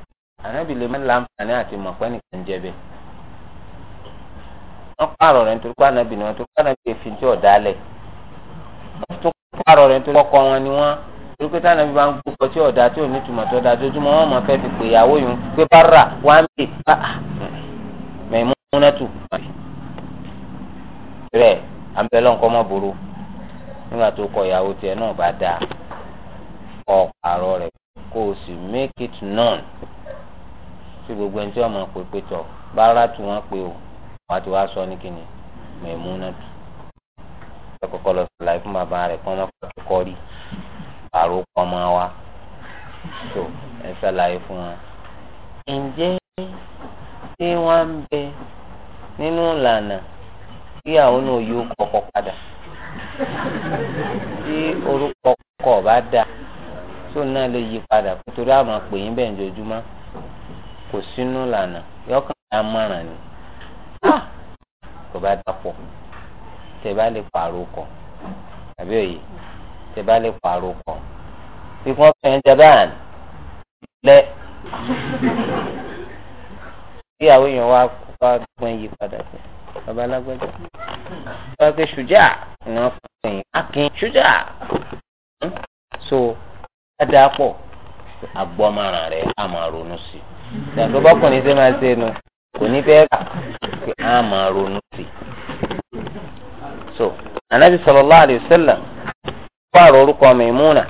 ànábì lè máa ń láǹfààní àti mọ̀ pé nìkan ń jẹbẹ wọ́n pààrọ̀ rẹ̀ nítorí pé ànábì ni wọ́n tó ànábì lè fi tí ọ̀dà lẹ̀ wọ́n tó pààrọ̀ rẹ̀ nítorí ọkọ wọn ni wọ́n torí pé tánábì bá ń gbókọ̀ tí ọ̀dà tí ò ní tùmọ̀ tó dáa dojúmọ́ wọn máa fẹ́ fi pè ìyàwó yìí pé bára wà ń bè bá mẹ̀múnátù rẹ̀ àbẹ̀lọ́ nǹkan mọ́ burú nígbà tó kọ ìyàwó tiẹ̀ náà bá dáa kọ pààrọ̀ rẹ̀ kó o sì make it known tí gbogbo ẹni tí wọ́n máa pè pé tọ̀ bára tù wọ́n pé o wọ́n ti wá sọ ní kíni tù. ẹ kọ́kọ́ lọ sọ̀láì fún bàbá rẹ̀ kọ́ wọn kọ́ rí àròkọ ọmọ wa tó ẹ sàlàyé fún wọn. ǹjẹ́ ṣé wọ́n ń bẹ nínú ìlànà kí àwọn náà yóò kọ́kọ́ padà tí orúkọ kọ̀ bá dà tó náà lè yí padà nítorí àwọn àpèyìn bẹ́ẹ̀ ń jojúmọ́ kò sínú lànà yọkàn amọ̀ràn ni ah! kò bá dàpọ̀ tẹ bá lè pààrọ̀ kọ̀ àbí òye tẹ bá lè pààrọ̀ kọ̀ bí wọ́n fẹ́ japan lẹ kí àwọn èèyàn wá wá gbọ́n yí padà sí baba alágbájá wọ́n pe ṣùjà ni wọ́n fẹ́ yín akin ṣùjà hmm? so dáadáa agbọ́mọ̀ràn rẹ̀ á máa ronú sí i ṣàtúntò bọ́kùnrin ṣe máa ṣe nu kò ní fẹ́ rà pé á máa ronú sí i. so anabi sallallahu alayhi wa sallam pààrọ̀ orúkọ Maimuna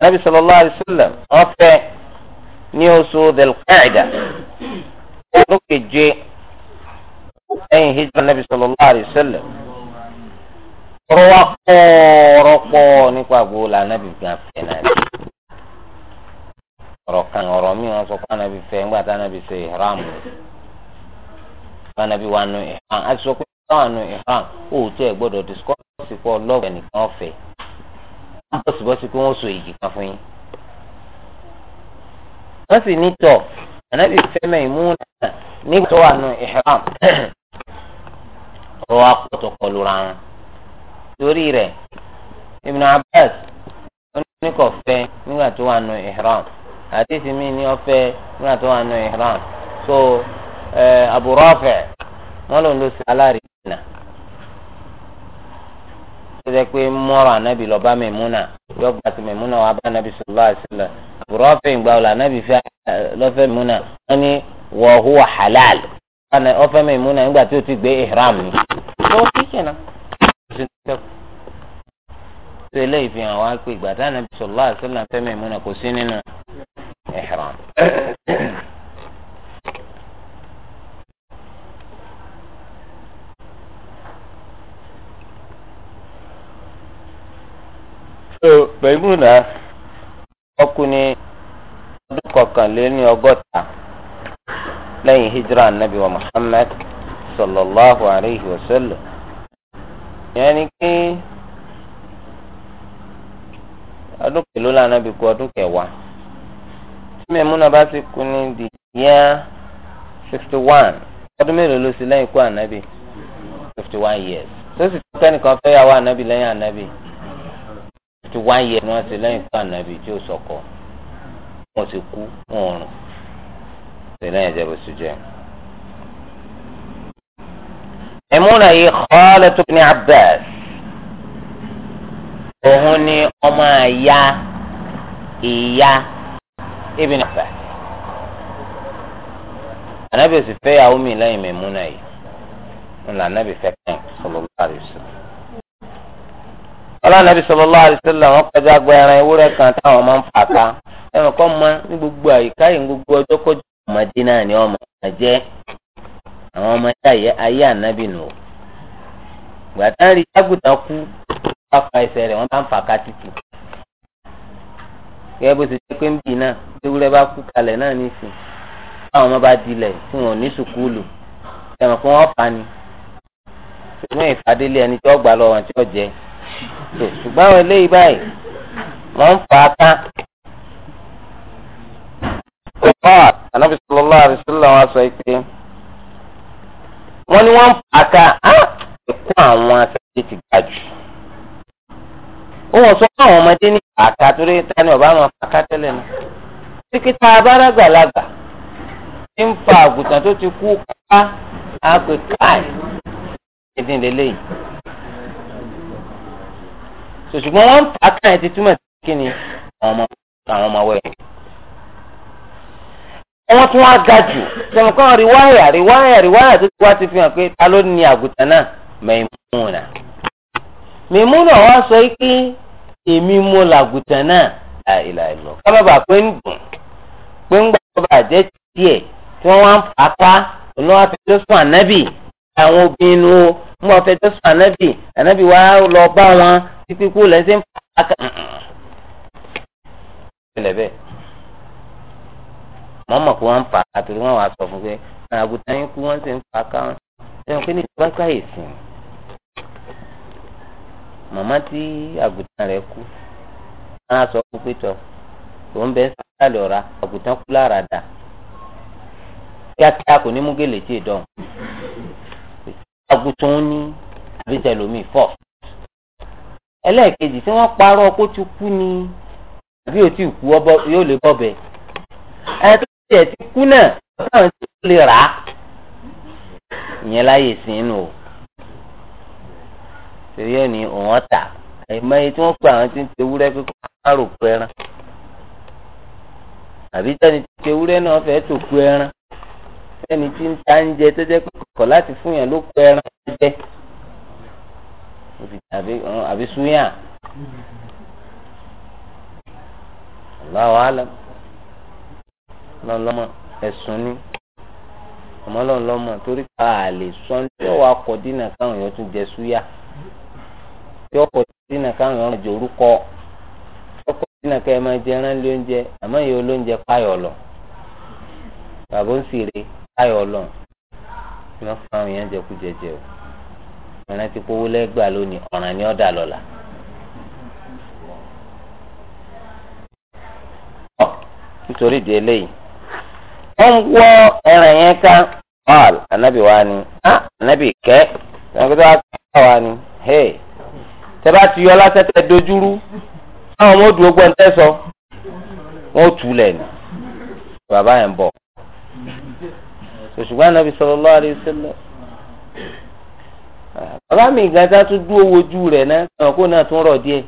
anabi sallallahu alayhi wa sallam wọ́n fẹ́ ní oṣù delqaida lókè jẹ́ ẹ̀yìn hijra anabi sallallahu alayhi wa sallam. Ọrọ wa pọ̀ ọ̀rọ̀ nípa gbogbo náà ni kan ọrọ mi wọ́n sọ pé anabi fẹ́ ńgbà tá anabi ṣe ìhram anabi wa nu ìhram a sọ pé káwa nu ìhram ó ẹ pọ nìkan pé èyí kan fún yín anabi nígbà tó wà nu ìhram wa torí rẹ̀ Ibn Abbas oníkọ̀fẹ́ nígbà tó wà nù ihram àdìsí mi ní ọ̀fẹ́ nígbà tó wà nù ihram so Abu Rafi' wọn lòun ló ṣe alárìnà tó jẹ́ pé mọ́rọ̀ loba yọ gba ti Maimuna wà bá ànábì sallallahu alaihi wasallam Abu ìgbà wò lànàbì fẹ́ lọ́fẹ́ Maimuna wọn ni wa halal ọfẹ́ Maimuna nígbà tí ti gbé ihram ṣe tẹ́kù. ṣé eléyìí fi hàn wá pé ìgbà tí Ànábì sallallahu alaihi wasallam fẹ́ Maimuna kò sí nínú ihram. Maimuna ọkùnrin ọdún kọkànléní ọgọ́ta lẹ́yìn hijra Ànábì wa Muhammad sallallahu alaihi wasallam ìyẹn ni pé ọdún kẹló lànà bí kú ọdún kẹwàá tí mẹ́múnà bá ti kú ní the year fifty one ọdún mélòó ló sì lẹ́yìn kú ànábì fifty one years tó sì tó kẹ́nìkan fẹ́ yàwó ànábì lẹ́yìn ànábì fifty one years ni wọ́n ti lẹ́yìn kú ànábì tí ó sọ̀kọ̀ wọ́n ti kú wọn rùn sí lẹ́yìn ìjẹ́bù sí jẹ́ ẹ̀múnà yìí Khalatu ibn Abbas òun ni ọmọ ìyá ìyá ibn Abbas anabi òsì fẹ́ yàwó mi lẹ́yìn mẹ̀múnà yìí ńlá anabi fẹ́ kàn sallallahu alaihi wasallam ọlọ́run nàbí sallallahu alaihi wasallam wọn kọjá gba ẹran ewúrẹ́ kan táwọn máa ń fà ká ẹran kọ́ mọ ní gbogbo àyíká yìí gbogbo ọjọ́ kọjá ọmọdé náà ni ọmọ jẹ́ àwọn ọmọ ayé ayé ànábì nù o gbàtà rí àgùntàn kú wọn fa ẹsẹ̀ rẹ̀ wọn bá ń fa kátìtì gẹ́gẹ́ bó ṣe jẹ́ pé ń bì náà ewúrẹ́ bá kú kalẹ̀ náà nísìn báwọn ọmọ bá dilẹ̀ tí wọn ò ní sùkúlù ẹmọ fún wọn fa ni ṣùgbọ́n ìfàdélé ẹni tí wọ́n gbà lọ́wọ́ tí wọ́n jẹ ṣùgbọ́n àwọn eléyìí báyìí wọ́n ń fa ká. Ọ̀pọ̀ ànábì sallallahu alaihi wasallam wá sọ pé wọ́n ní wọ́n ń pàkà ẹ̀kọ́ àwọn aṣáájú ti ga jù. ó wọ́n sọ fún àwọn ọmọdé ní pàkà torí ta ni ọba àwọn pàkà tẹ́lẹ̀ náà. tíkítà abárágbàlagbà ti ń fa àgùntàn tó ti kú ká àpè káì ìdín lélẹ́yìí. ṣùgbọ́n wọ́n ń pàkà ẹ̀ ti túmọ̀ sí kí ni àwọn ọmọ wẹ̀ wọ́n tún wá ga jù sọ̀rọ̀ kan riwaya, rìwáyà rìwáyà tó ti wá ti fi pé ta ló ní àgùntàn náà Maimuna Maimuna wá sọ pé èmi mo làgùntàn náà àìlà ìlọ kábàbà pé ń dùn pé ń gbà tó bà jẹ́ tiẹ̀ tí wọ́n wá ń papá olówó afẹ́jọ́ sùn ànábì àwọn obìnrin nu o ń bọ̀ afẹ́jọ́ sùn ànábì ànábì wá lọ bá wọn títí kú lẹ́sìn pàákà wọ́n mọ̀ pé wọ́n ń fà á torí wọ́n wà á sọ fún pé àgùntàn yín kú wọ́n sì ń fà á káwọn ẹ̀rọ pé ní ìjọba káyè sìn màmá tí àgùntàn rẹ̀ kú wọ́n á sọ fún pé tọ́ tó ń bẹ ń ọ̀ra àgùntàn kú lára dà kíákíá kò ní mú gèlè tí ì dán àgùntàn ní àbíṣẹ́ lómi fọ́ ẹlẹ́ẹ̀kejì tí wọ́n parọ́ kó ti kú ni àbí ò tí yóò lè bọ́ bẹ́ẹ̀ tiẹ̀ ti kú náà ọ̀sán tí lè rà á ìyẹn láyè sí inú o torí ẹ̀ ní òun ọ̀tà àìmọye tí wọ́n pa àwọn tí ń pe ewúrẹ́ pé kó má rò pé ẹran àbí tẹ́ni tí pe ewúrẹ́ náà fẹ́ tó kú ẹran tẹ́ni tí ń ta ń jẹ tó jẹ́ pé kọ̀ láti fún yàn ló kó ẹran jẹ́ àbí súyàn. Allahu alam. lọlọmọ ẹsùn ni àmọ lọlọmọ torí ká a lè sọ ní ọwọ akọ dínà káwọn èèyàn tún jẹ súyà tí ọkọ dínà káwọn èèyàn jẹ orúkọ ọkọ dínà káwọn èèyàn jẹ ẹran lé oúnjẹ àmọ èèyàn olóúnjẹ páyọ lọ bàbá ń sì re páyọ lọ tí wọn fún àwọn èèyàn jẹ kú jẹjẹ o ẹran ti kówó lẹgbà lónìí ọràn ni ọ dà lọla. nítorí ìdí eléyìí. ó ń wọ́ ẹran yẹn ká paul anabi wa ni ah anabi kẹ́ ẹnìkan tó wá kọ́ wa ni hey tẹ bá ti yọ lásán tẹ dojúrú báwọn ọmọ òdùn ogbọ́n tẹ sọ wọn ò tù lẹ̀ ni bàbá yẹn bọ̀ ṣùgbọ́n anabi sallallahu alaihi wasallam ah, bàbá mi gàdá tún dúró wojú rẹ̀ náà sọ̀rọ̀ kó náà tún rọ̀ díẹ̀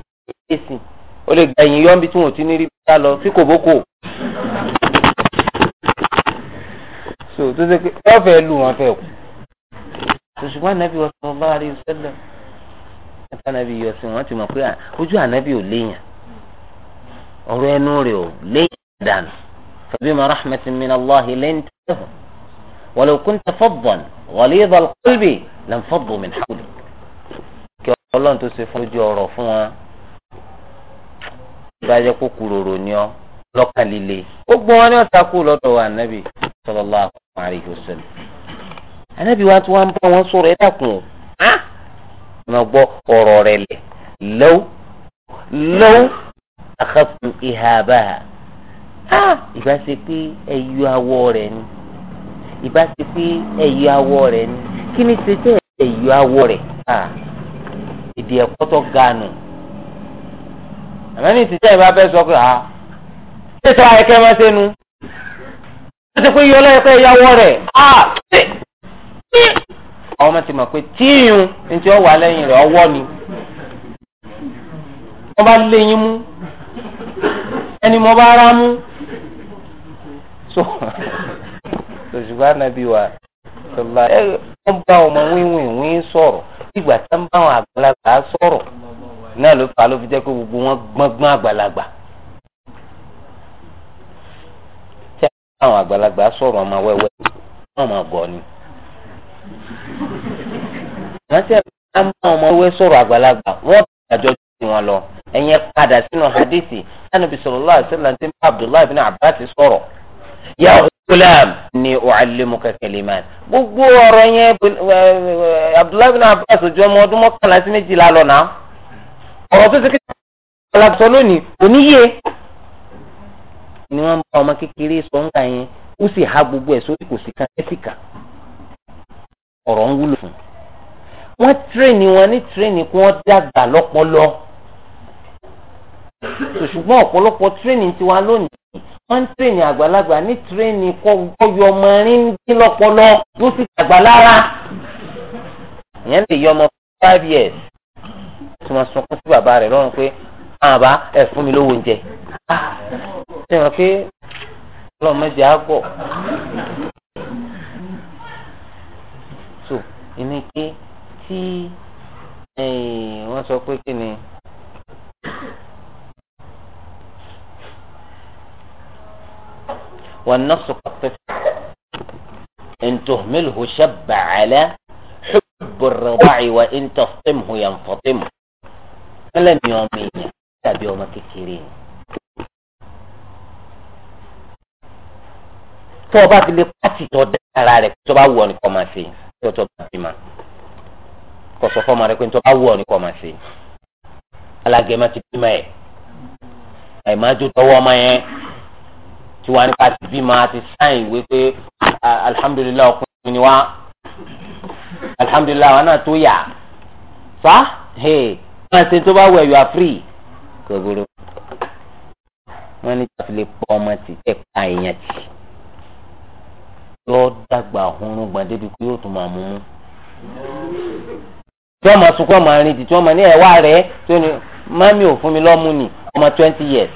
èsì ó lè gbà yín yọ́nbi tí wọ́n ti ní rí bá lọ sí kòbókò so tó ṣe pé wọ́n fẹ́ lù wọ́n fẹ́ kú ṣùṣùgbọ́n ànábì wọ́n sọ bá rí sẹ́lẹ̀ nípa ànábì yọ sí wọ́n ti mọ̀ pé ojú ànábì ò léèyàn ọ̀rọ̀ ẹnu rẹ̀ ò léèyàn dànù fabima rahmatin min Allahi lẹ́ńtẹ́ lẹ́hùn walau kunta faddan ghalidha al-qalbi lanfaddu min hawlik kí ọlọ́run tó ṣe fún ojú ọ̀rọ̀ fún wọn bá jẹ́ kó kúròrò ní ọ lọ́kàn ó gbọ́n wọn ní ọ̀sà kú lọ́dọ̀ wa ànábì sallallahu alayhi wa sallam anabi wa tí wọn bá wọn sọ̀rọ̀ ẹ dákun o ah wọn gbọ́ ọ̀rọ̀ rẹ̀ lẹ lọw lọw akhatum ihabaha ah ìbá ṣe pé ẹ yọ awọ rẹ̀ ni ìbá ṣe pé ẹ yọ awọ ni kí ni ṣe tẹ ẹ yọ awọ rẹ̀ ah èdè ẹ̀kọ́ tó ga nù àmọ́ ní ìsìtẹ́ ìbá fẹ́ sọ pé ah ṣé sọ ayẹkẹ́ nu wọ́n ti pé yọ lọ́yẹ̀kọ́ ẹ̀yàwó rẹ̀ àwọn ọmọ ti mọ̀ pé tíyùn ní tí ó wà lẹ́yìn rẹ̀ ọwọ́ ni wọ́n bá léyìn mú ẹni mo bá rá mú so [laughs] ṣùgbọ́n ànábì wa sọlá ẹ wọ́n bá ọmọ wíwìn wín sọ̀rọ̀ ìgbà tí wọ́n bá àwọn àgbàlagbà sọ̀rọ̀ náà ló fà á ló fi jẹ́ pé gbogbo wọn gbọ́ngbọ́n àgbàlagbà. àwọn àgbàlagbà sọ̀rọ̀ ọmọ wẹ́wẹ́ wọ́n máa gọ̀ ni. wọ́n tẹ̀ bá mú ọmọ wẹ́wẹ́ sọ̀rọ̀ àgbàlagbà wọ́n bá àjọ jù wọn lọ ẹ̀yẹn padà sínú hadithi Ànábì sallallahu alaihi wasallam tí Abdullahi bin Abbas sọ̀rọ̀ yà gulam ni u'allimuka kalimat gbogbo ọ̀rọ̀ yẹn Abdullahi bin Abbas ojú ọmọ ọdún mọ́kànlá sí méjìlá lọ náà ọ̀rọ̀ tó ti kí ni wọ́n bá ọmọ kékeré sọ ńgbà yẹn ó sì há gbogbo ẹ̀ sórí kò sí kan ẹ́sìkà ọ̀rọ̀ ń wúlò fún un. wọ́n tírèèni wọn ní tírèèni kí wọ́n dàgbà lọ́pọlọ ṣùgbọ́n ọ̀pọ̀lọpọ̀ tírèèni tiwa lónìí wọ́n ń tírèèni àgbàlagbà ní tírèèni kọ́yọ ọmọ rin dín lọ́pọlọ yóò sì dàgbà lára ìyẹn lè yọ ọmọ five years tí wọ́n sọ fún sí bàbá rẹ̀ lọ́rùn pé àbá ẹ̀ fún mi lówó oúnjẹ ah! sẹ́wọ̀n pé ọlọ́mọdé á gbọ̀ so ìní pé tí wọ́n sọ pé kí ni. والنص قد إن تهمله شب على حب الرضاع وإن تفطمه ينفطمه فلم يومين تاب يوم كثيرين tó o bá fi lè pàtì tó dára rẹ̀ tó bá wù ọ́ nìkan máa ṣe tó o tó bá fi máa kò sọ fọmọ rẹ pé tó bá wù ọ́ nìkan máa ṣe alágẹ̀ má ti bímọ ẹ̀ àìmájú tọwọ́ ọmọ yẹn tí wàá nípa ti bímọ àti sáìn ìwé pé alihamudulilayi ọkùnrin ni wá alihamudulilayi àwọn náà tó yà fa hey máa ṣe tó bá wù ẹ́ you are free kò burú wọn ní tàbí lè pọ ọmọ tì tẹ pa èèyàn tì. yọọ dàgbà ọ̀hún gbọ̀n débi yóò tún máa mú mú. tí wọ́n máa sunkún ọmọ arìnrìn tí wọ́n máa ní ẹ̀wá rẹ̀ tó ní mami ò fún mi ni ọmọ twenty years.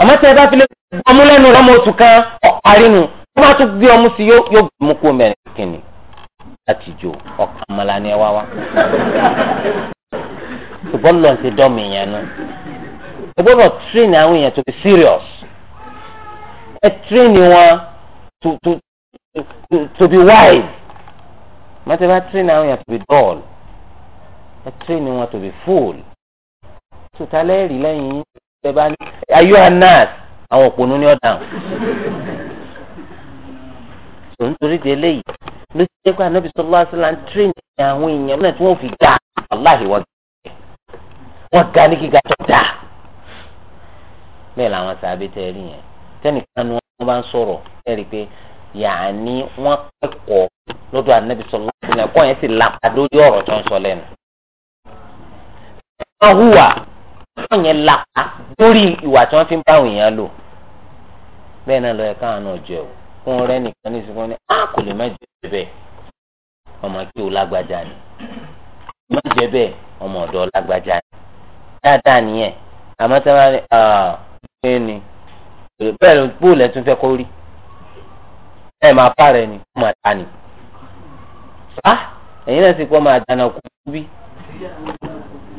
àmọ́ tí ẹ bá fi lè gbọ́ ọmú lẹ́nu oṣù kan tó bá tún gbé ọmú sí yóò gbé mú kó mẹ́rin kìnnì láti jò mọ́lá ní ẹwà ẹ tírénì wọn to to to be wise mọ̀tẹ́ bá tírénì àwọn yẹn to be dull ẹ tírénì wọn to be full tòtálẹ́ rí lẹ́yìn yín ẹ bá ní ayọ́ anas àwọn òpònú ni ọ̀ dáhùn So ń torí di eléyìí ló ti dẹ́kun ànábì sọlá ṣẹlá ń tírénì àwọn èèyàn náà tí wọ́n fi ga aláhi wọ́n ga wọ́n ga ní gíga tó dáa bẹ́ẹ̀ làwọn sábẹ́ tẹ́ rí yẹn tẹnìkan ni wọn bá ń sọ̀rọ̀ ẹrí pé yàní wọn kẹ́kọ̀ọ́ lọ́dọ̀ anabi sọlá ìpínlẹ̀ ẹ̀kọ́ yẹn sì lápá lórí ọ̀rọ̀ tó ń sọ lẹ́nu. wọn hùwà wọn yẹn lápá lórí ìwà tí wọn fi ń bá èèyàn lò bẹ́ẹ̀ náà lọ yẹ káwọn náà jẹ o fún rẹ nìkan ní ìsìnkú ni a ah, kò lè má jẹ bẹ́ẹ̀ ọmọ kí o lágbájá ni má jẹ bẹ́ẹ̀ ọmọ ọ̀dọ̀ lágbájá ni dáadáa nìyẹn àmọ́ sábà ní ẹ ah, ní bẹ́ẹ̀ ló gbó lẹ́tún fẹ́ kó rí ẹ máa fà rẹ̀ ni kó máa ta ni fa ẹ̀yin náà sì kó máa dáná kú bí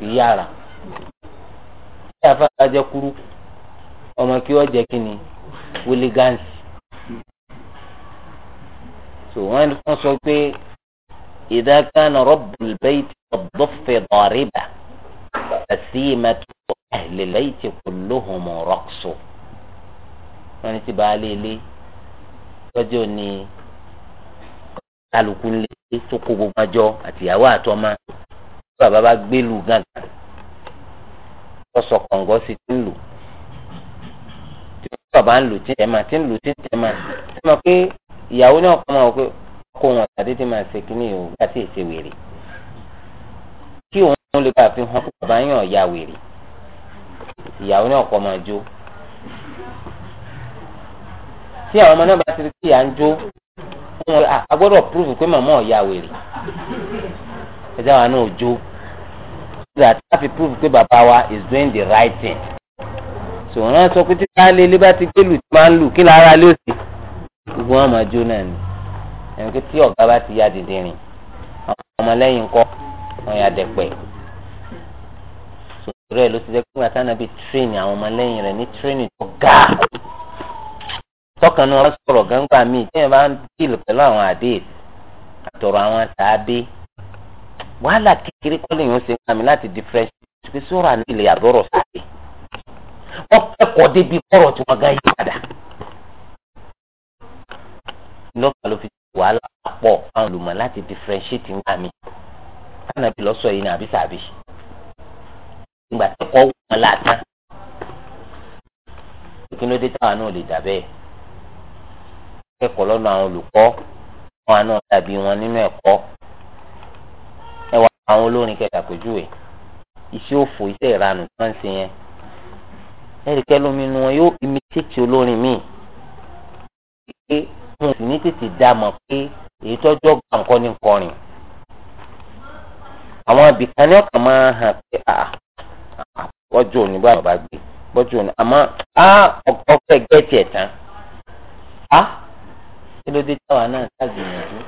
ìyára ṣé àfáà jẹ́ kúrú ọmọ kí wọ́n jẹ́ kí ni wílígánsì so wọ́n sọ pé ìdákan rọ́bùl bẹ́ẹ̀tì àti ìmẹ̀tò ẹ̀hìnlẹ́yìí ti kò rọ́ọ̀sù ẹni tí baálé ilé tọ́jú òní kálukú ńlé tó kó gbogbo àjọ àtìyàwó àtọmọ tí bàbá bá gbélú gàngàn tó sọ kọ̀ǹgọ́ sí tí ń lò tí bàbá ń lò tí tẹ̀ máa tí ń lò tí tẹ̀ máa tí máa pé ìyàwó náà kọ́ máa pé kó wọn tàbí tí máa ṣe kíní o láti èsè wèrè kí òun lè bá fi hàn bàbá yàn ya wèrè ìyàwó náà kọ́ máa jó tí àwọn ọmọ náà bá ti rí tí à ń jó wọn a gbọ́dọ̀ púrúfù pé màmá ọ̀ya wèrè ẹ̀dá wa náà jó that a fi púrúfù pé bàbá wa is doing the right thing so wọn sọ pé tí ká lé ilé bá ti gbé lù tí máa ń lù kí lára lé òsì gbogbo wọn máa jó náà ni ẹni pé tí ọ̀gá bá ti ya dìde rìn àwọn ọmọlẹ́yìn kọ́ wọn ya dẹ̀pẹ̀ sọ̀rọ̀ ẹ̀ ló ti jẹ́ pé wọn àtànà bíi tírénì àwọn ọmọlẹ́yìn rẹ̀ ní tírénì tó ga tọkàn ní wọn sọ̀rọ̀ gángan míì tí wọn bá ń dìlù pẹ̀lú àwọn àdéhùn àtọ̀rọ̀ àwọn tàbí wàhálà kékeré kọ́ lèyìn ó ṣe kàmí láti differentiate pé sọ̀rọ̀ àná ilẹ̀ àbọ̀rọ̀ sáré wọ́n kẹ́kọ̀ọ́ débi kọ́rọ̀ tí wọ́n gán yí padà. lọ́kàn ló fi wàhálà pọ̀ àwọn olùmọ̀ láti differentiate ń kàmí kánà bí lọ́sọ̀ yìí ní àbí ìgbà tẹ́kọ̀ọ́ wọn látàn kí dé táwọn náà lè dà bẹ́ẹ̀ kẹ́kọ̀ọ́ lọ́nà àwọn olùkọ́ wọn àna tàbí wọn nínú ẹ̀kọ́ ẹ wá àwọn olórin kẹta pèjúwe iṣẹ́ òfò iṣẹ́ ìranù tó ń ṣe yẹn ẹ̀ríkẹ́ lómi nu wọn yóò imitate olórin míì pé wọn ò sì ní tètè dá mọ̀ pé èyí tọ́jú ọgbà nǹkan ní kọrin àwọn abìkan ní ọkàn máa hàn pé ah, ah, ọjọ́ òní bá bàbá gbé bọ́jú òní àmọ́ ah, ọ̀gbẹ́ gẹ́tì ẹ̀ tán kí ló dé táwa náà ṣàgbìyànjú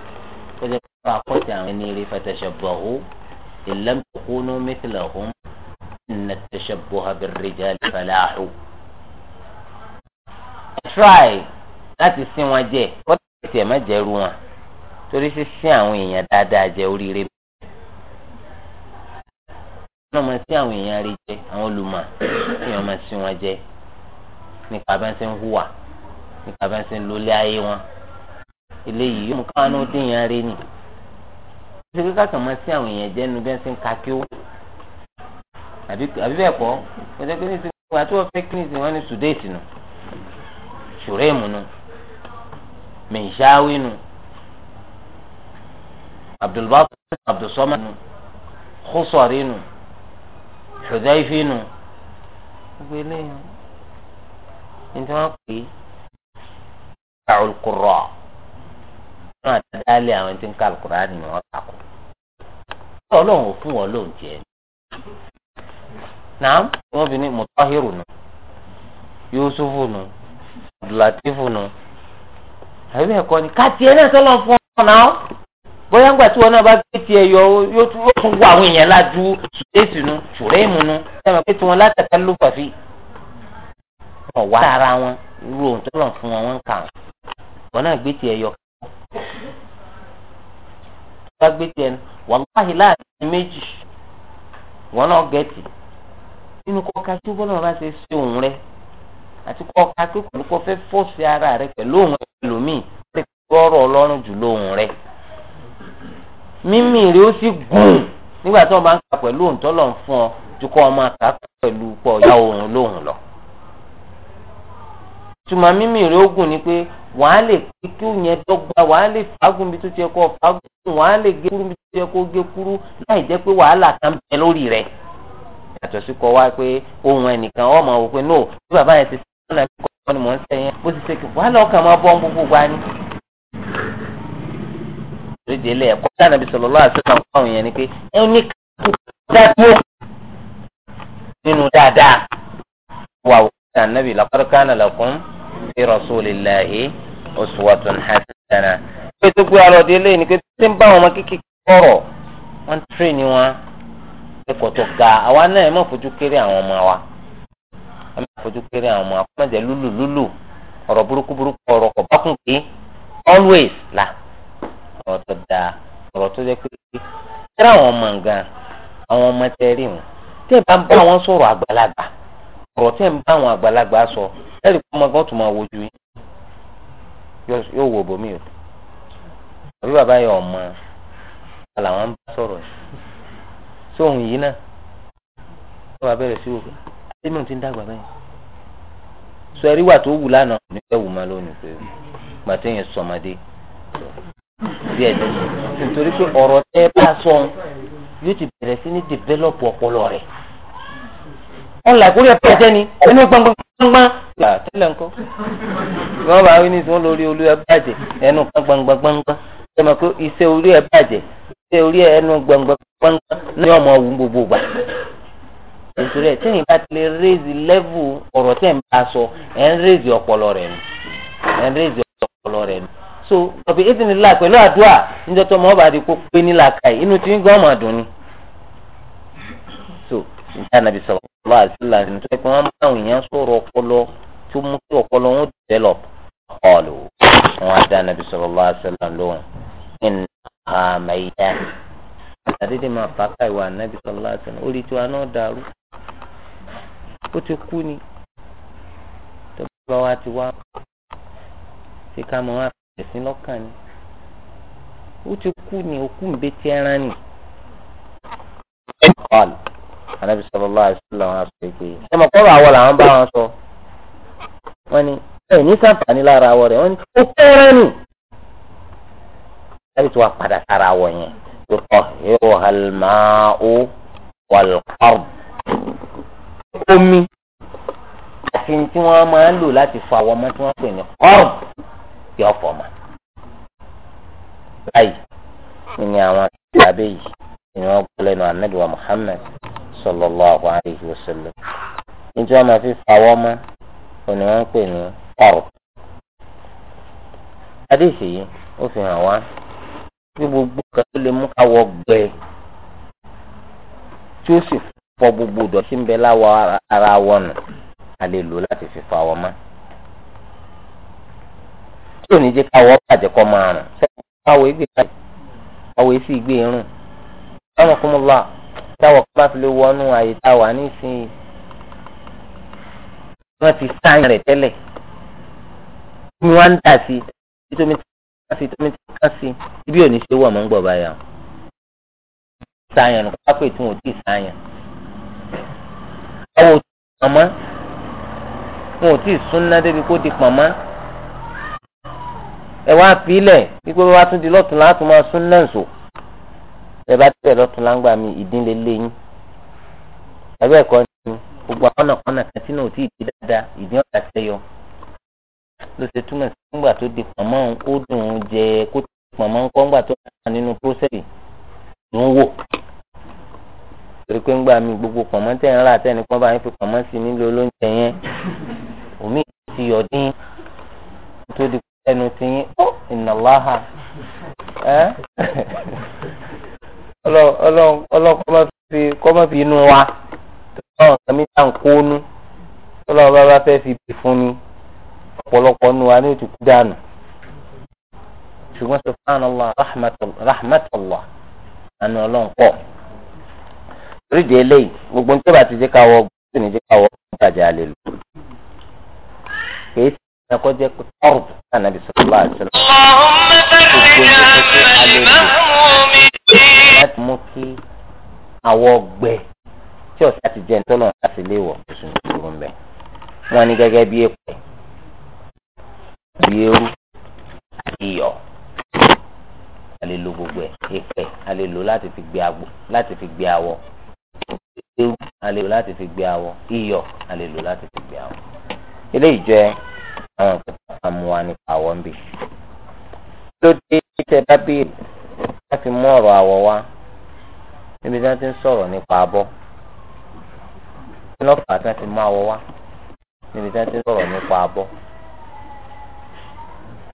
kó jẹ́ pé àkọ́tì àwọn ẹni rí fatashabbahu illam takunu mithlahum inna at-tashabbuha bir-rijali falahu. ẹ tíráì láti sin wọn jẹ kó tiẹ̀ má jẹ́ ru wọn torí sísìn àwọn èèyàn dáadáa jẹ́ oríire wọn máa sí àwọn èèyàn rí jẹ àwọn olùmọ̀ èèyàn máa sí wọn jẹ nípa bá ń ṣe ń hùwà nípa bá ń ṣe ń lólé ayé wọn eléyìí yóò mú káwọn ó dín yẹn rí ni ṣé kí káàkiri máa sí àwọn èèyàn jẹ́nu bẹ́ẹ̀ ṣe ń ka kí ó àbí bẹ́ẹ̀ kọ́ ọjọ́ pé ní ti wà tí wọ́n fẹ́ kí ní ti wọ́n ní sùdéètì nù ṣùrẹ́ẹ̀mù nù mẹ̀ǹṣáwí nù abdulbaṣir abdulsọ́mà nù kúsọ̀rí nù ṣùdáìfì nù gbogbo eléyìí ní tí wọ́n pè é náà àdálẹ̀ àwọn tí ń ka àlùkùrá ni wọ́n kà kù. ọlọ́run ò fún wọn lóun jẹ́ náà wọ́n fi ní mùtáhírù nù yusufu nù abdulatifu nù àbí ẹ̀kọ́ ni káàtì ẹ̀ náà sọ́lọ́ fún ọ náà bóyá ńgbà tí wọn náà bá gbé tiẹ̀ yọ yóò tún wọ àwọn èèyàn lájú ṣùdẹ́sì nu ṣùrẹ́ẹ̀mù nu sẹ́wọ̀n pé tiwọn látàkà ló fàfi wọn wá ara wọn irú ohun tó lọ fún wọn wọn kà wọn náà gbé tiẹ̀ yọ bá gbé tiẹ̀ ní wàláhì láàrin méjì wọn náà gẹ̀ẹ́tì nínú kọ́ka tí bọ́lá bá ṣe ṣe òun rẹ àti kọ́ka tó kàn ní kọ́ fẹ́ fọ́ọ̀sì ara rẹ pẹ̀lú òun ẹlòmíì rẹ gbọ́rọ̀ ọlọ́run jù lóhùn rẹ mímì rẹ ó sì gùn nígbà tí wọn bá ń kà pẹ̀lú òun tọ́lọ̀ ń fún ọ ju kọ́ ọmọ àká pẹ̀lú pọ̀ ya òun lóhùn lọ. ìtumọ̀ mímì rẹ ó gùn ni pé wàá lè kíkú yẹn dọ́gba wàá lè fàágùn bí tó ti yẹ kó fàágùn wàá lè gé kúrú bí tó ti yẹ kó gé kúrú láì jẹ́ pé wàhálà kan bẹ lórí rẹ̀. yàtọ̀ sí kọ wá pé ohun ẹnìkan ọmọ wò pé no bí bàbá yẹn ti sẹ́yìn náà kọ́ ọ́ ni mò ń sẹ́yìn bó ti sẹ́kì wàhálà ọkàn máa bọ́ gbogbo wa ni. ìrèdè ilé ẹ̀kọ́ dáná bí sọ̀rọ̀ lọ́wọ́ àṣetàn fáwọn yẹn ni pé ẹ uswatun hasana. pé tó gbé alọ́ délé ni pé tí ń bá wọn kékeré wọ́n wọn ẹ̀kọ́ tó ga àwa náà ẹ̀ ọmọ wa ẹ̀ fojú kéré àwọn ọmọ wa always la ọ̀rọ̀ tó ọ̀rọ̀ tó jẹ́ àwọn ọmọ àwọn ọmọ rí wọn bá ń bá sọ ọmọ gan yóò wò bómi o àbí bàbá yẹn ọmọ làwọn bá sọ̀rọ̀ sóhun yìí náà wọ́n wá bẹ̀rẹ̀ sí wò pé sẹ́mi ti ń dàgbà báyìí sọ ẹ̀rí wà tó wù lánàá ní ẹ̀ wù má lónìí pé gbàtẹ́ yẹn sọmọdé díẹ̀ díẹ̀ nítorí pé ọ̀rọ̀ tẹ́ bá sọ yóò ti bẹ̀rẹ̀ sí ní dìvẹ́lọ́pù ọpọlọ rẹ̀ ọ̀là ìkórè pẹ̀sẹ̀ ni ẹni gbọ́ngbọ́n gbọ́ngbọ́n gbà tẹ́lẹ̀ ńkọ́ wọ́n bá wí ní ìsún lórí olú ẹ bàjẹ́ ẹnu kan gbọ̀ngbọ̀n gbọ̀ngbọ̀n ṣe mọ̀ pé iṣẹ́ orí ẹ bàjẹ́ iṣẹ́ orí ẹnu gbọ̀ngbọ̀n gbọ̀ngbọ̀n ní ọmọ wù gbogbo gbà. ètò rẹ̀ tẹ́yìn bá ti lè rézì lẹ́vù ọ̀rọ̀ tẹ́ ń bá sọ ẹ̀ ń rézì ọpọlọ rẹ̀ nù ẹ̀ ń rézì ọpọlọ rẹ̀ nù. so ọ̀bì ìdìnnìlá pẹ̀lú àdúrà níjọ́ tó ọmọ ọba àdìpọ̀ pé nílà káyì inú ti ń gbọ́ ọmọ àdùn ni níta nàbí sallallahu alaihi wasallam nítorí pé wọ́n bá àwọn èèyàn sọ̀rọ̀ ọpọlọ tó mú kí ọpọlọ wọn develop ọ̀lù wọn á dá nàbí sallallahu alaihi wasallam lóhùn ìnà àmàyà àdédé máa bá káìwá nàbí sallallahu alaihi wasallam orí tiwa náà dàrú ó ti kú ni tó bá wa ti wá ṣé ká mọ wá fẹ̀sìn lọ́kàn ni ó ti kú ni òkú ń bẹ ti ẹran ni anabi sọlọlá àìsílẹ wọn àti pé ẹ mọ kọrọ àwọ làwọn bá wọn sọ wọn ni ẹ ní sàǹfààní lára àwọ rẹ wọn ni ó fẹ́rẹ́ nì ẹ bí tí wàá padà sára àwọ yẹn lóko yóò hàlmà ó wàlùkọ́rù omi àti tí wọ́n máa ń lò láti fọ àwọn ọmọ tí wọ́n pè ní kọ́rù yóò fọ̀ mọ́ báyìí ni àwọn àti àbẹ́yìí ni wọ́n gbọ́ lẹ́nu anabi wa Muhammad sallallahu alayhi wa sallam nítorí wọn máa fi fàwọ́ mọ́ òní wọn ń pè ní ọ̀rọ̀. adéṣe yìí ó fi hàn wá bí gbogbo kan tó lè mú káwọ́ gbẹ tí ó sì fọ gbogbo ìdọ̀tí ń bẹ láwọ ara wọnù a lè lò láti fi fàwọ́ mọ́. tí ò ní jẹ́ káwọ́ bàjẹ́ kọ́ máa rùn sẹ́yìn káwọ́ ìgbé káwọ́ ìsì ìgbé irun. ọ̀nà kọ́mọ́lá táwọn kan bá fi lè wọnú àyè tá a wà nísìnyí wọ́n ti sáyìn rẹ̀ tẹ́lẹ̀ mi wá ń dà sí i tómi tí wọ́n fi tómi tí wọ́n kàn sí i bí òní ṣe wọ̀ mọ́ ń gbọ̀ báyà o sáyìn nù kápò ìtumọ̀ tí ì sáyìn àwọn òtún pàmọ́ wọn ò tí ì súnná débi kó di pàmọ́ ẹ wá fi ilẹ̀ wípé wọ́n wá tún di lọ́tún láti máa súnná nsò ẹ bá tẹ̀ lọ́tún láǹgbà mi ìdílé lẹ́yìn ẹ̀bẹ̀ kọ́ ni gbogbo àwọn ọ̀nà kan tí náà ò tí ì di dáadáa ìdí ọ̀dà sẹ́yọ ló ṣe túmọ̀ sí nígbà tó di pọ̀nmọ́ ó dùn ún jẹ kó tó di pọ̀nmọ́ ń kọ́ ńgbà tó wà nínú pósẹ̀lì ló ń wò torí pé ńgbà mi gbogbo pọ̀nmọ́ tẹ̀ ń rà tẹ̀ ní pọ́n bá yín fi pọ̀nmọ́ sí nílé olóúnjẹ yẹn omi ti yọ̀ dín tó di ẹnu ti yín ìnàláha ẹ́ [laughs] ọlọ́run ọlọ́run kọ́mọ fi inú wa tọ́lọ́run kàmí tá à ń kóónú tọ́lọ́run bá bá fẹ́ fi bì fún ni ọ̀pọ̀lọpọ̀ nu wa ní òtún kú dànù ṣùgbọ́n subhanallah rahmatulah àánú ọlọ́run pọ̀ orídìí eléyìí gbogbo ní tẹ́lẹ̀ àti jẹ́ka wọ gbọ́dọ̀ ní láti mú kí àwọ̀ ọgbẹ tí ọ̀sá ti jẹ́ nítorí ọ̀sá ti léwọ̀ oṣù nìkúrú ń bẹ̀. wọ́n ní gẹ́gẹ́ bí èpẹ̀ bí eérú àti iyọ̀ a lè lo gbogbo ẹ̀ èpẹ̀ a lè lo láti fi gbé àwọ̀ láti fi gbé àwọ̀ eérú a lè lo láti fi gbé àwọ̀ iyọ̀ a lè lo láti fi gbé àwọ̀. eléyìí jẹ́ àwọn nǹkan tó máa mú wa nípa àwọ̀ ń bì. lóde tẹ bá béèrè láti mú ọ̀rọ̀ àwọ̀ wá níbi tí wọ́n ti ń sọ̀rọ̀ nípa abọ́ lọ́fà tí wọ́n ti mú àwọ̀ wá níbi tí wọ́n ti ń sọ̀rọ̀ nípa abọ́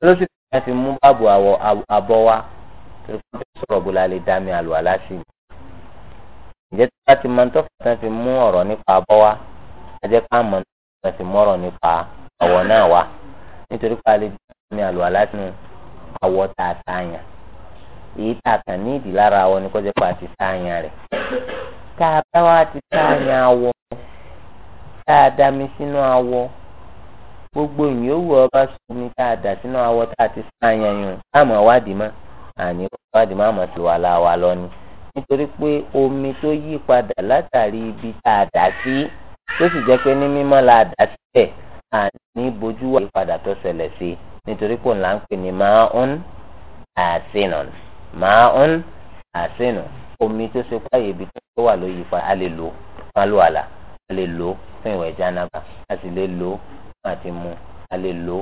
lóṣù tí wọ́n ti mú báàbò àwọ̀ abọ́ wá torí wọ́n ti sọ̀rọ̀ bó la lè dá mi àlò aláṣẹ yìí ǹjẹ́ tí wọ́n ti mọ tọ́fà tí wọ́n ti mú ọ̀rọ̀ nípa abọ́ wá ajẹ́ ká mọ̀ tí wọ́n ti mú ọ̀rọ̀ nípa àwọ̀ náà wá nítorí pé a lè dá mi àlò aláṣẹ àwọ̀ tá a ta yàn èyí tá a kàn ní ìdí lára wọn ni kó jẹ́ pé a ti sáàyàn rẹ̀ tá a bá wa ti sáàyàn awọ tá a dá mi sínú awọ gbogbo ìyówó ọba sọmi tá a dà sínú awọ tá a ti sáàyàn yùn àmọ́ wádìí mọ́ àní wádìí mọ́ àmọ́ ti wà láwa lọ ni nítorí pé omi tó yí padà látàrí ibi tá a dà sí tó sì jẹ́ pé ní mímọ́ la dà síbẹ̀ àní bojú wà yí tó ṣẹlẹ̀ sí nítorí pé òun ń pè ní máa ń àṣìnà màá ń àṣìnù omi tó ṣe fáyè ibi tó wà ló yí fa a lè lò fún àlùwàlà a lè lò fún ìwẹ̀ jánábà a sì lè lò fún àti mu a lè lò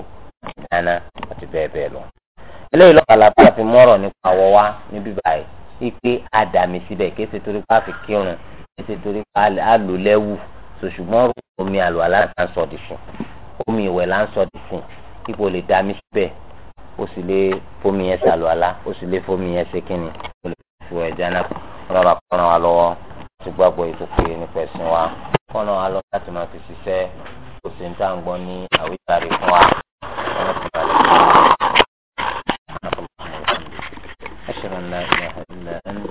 ìdáná àti bẹ́ẹ̀ bẹ́ẹ̀ lọ. eléyìí lọ́kàn làbá àfi mọ́rọ̀ nípa àwọ̀ wa níbí báyìí wípé a síbẹ̀ kése torí pa àfi kírun kése torí pa a lò lẹ́wù ṣùgbọ́n omi àlùwàlà là ń sọ fún omi ìwẹ̀ là ń sọ dì fún ipò lè dà síbẹ̀ ó sì lè fomi yẹn ṣàlùwàlá ó sì lè fomi yẹn ṣe kínni ó lè fi wẹ̀ jẹ́nà ọlọ́run àkọ́nà wa lọ́wọ́ ti gbàgbọ́ ètò pé nípa ẹ̀sìn wa kọ́nà wa lọ láti máa fi ṣiṣẹ́ kò sí ní ń gbọ́ ní àwíjàre fún wa. أشهد أن لا إله إلا أنت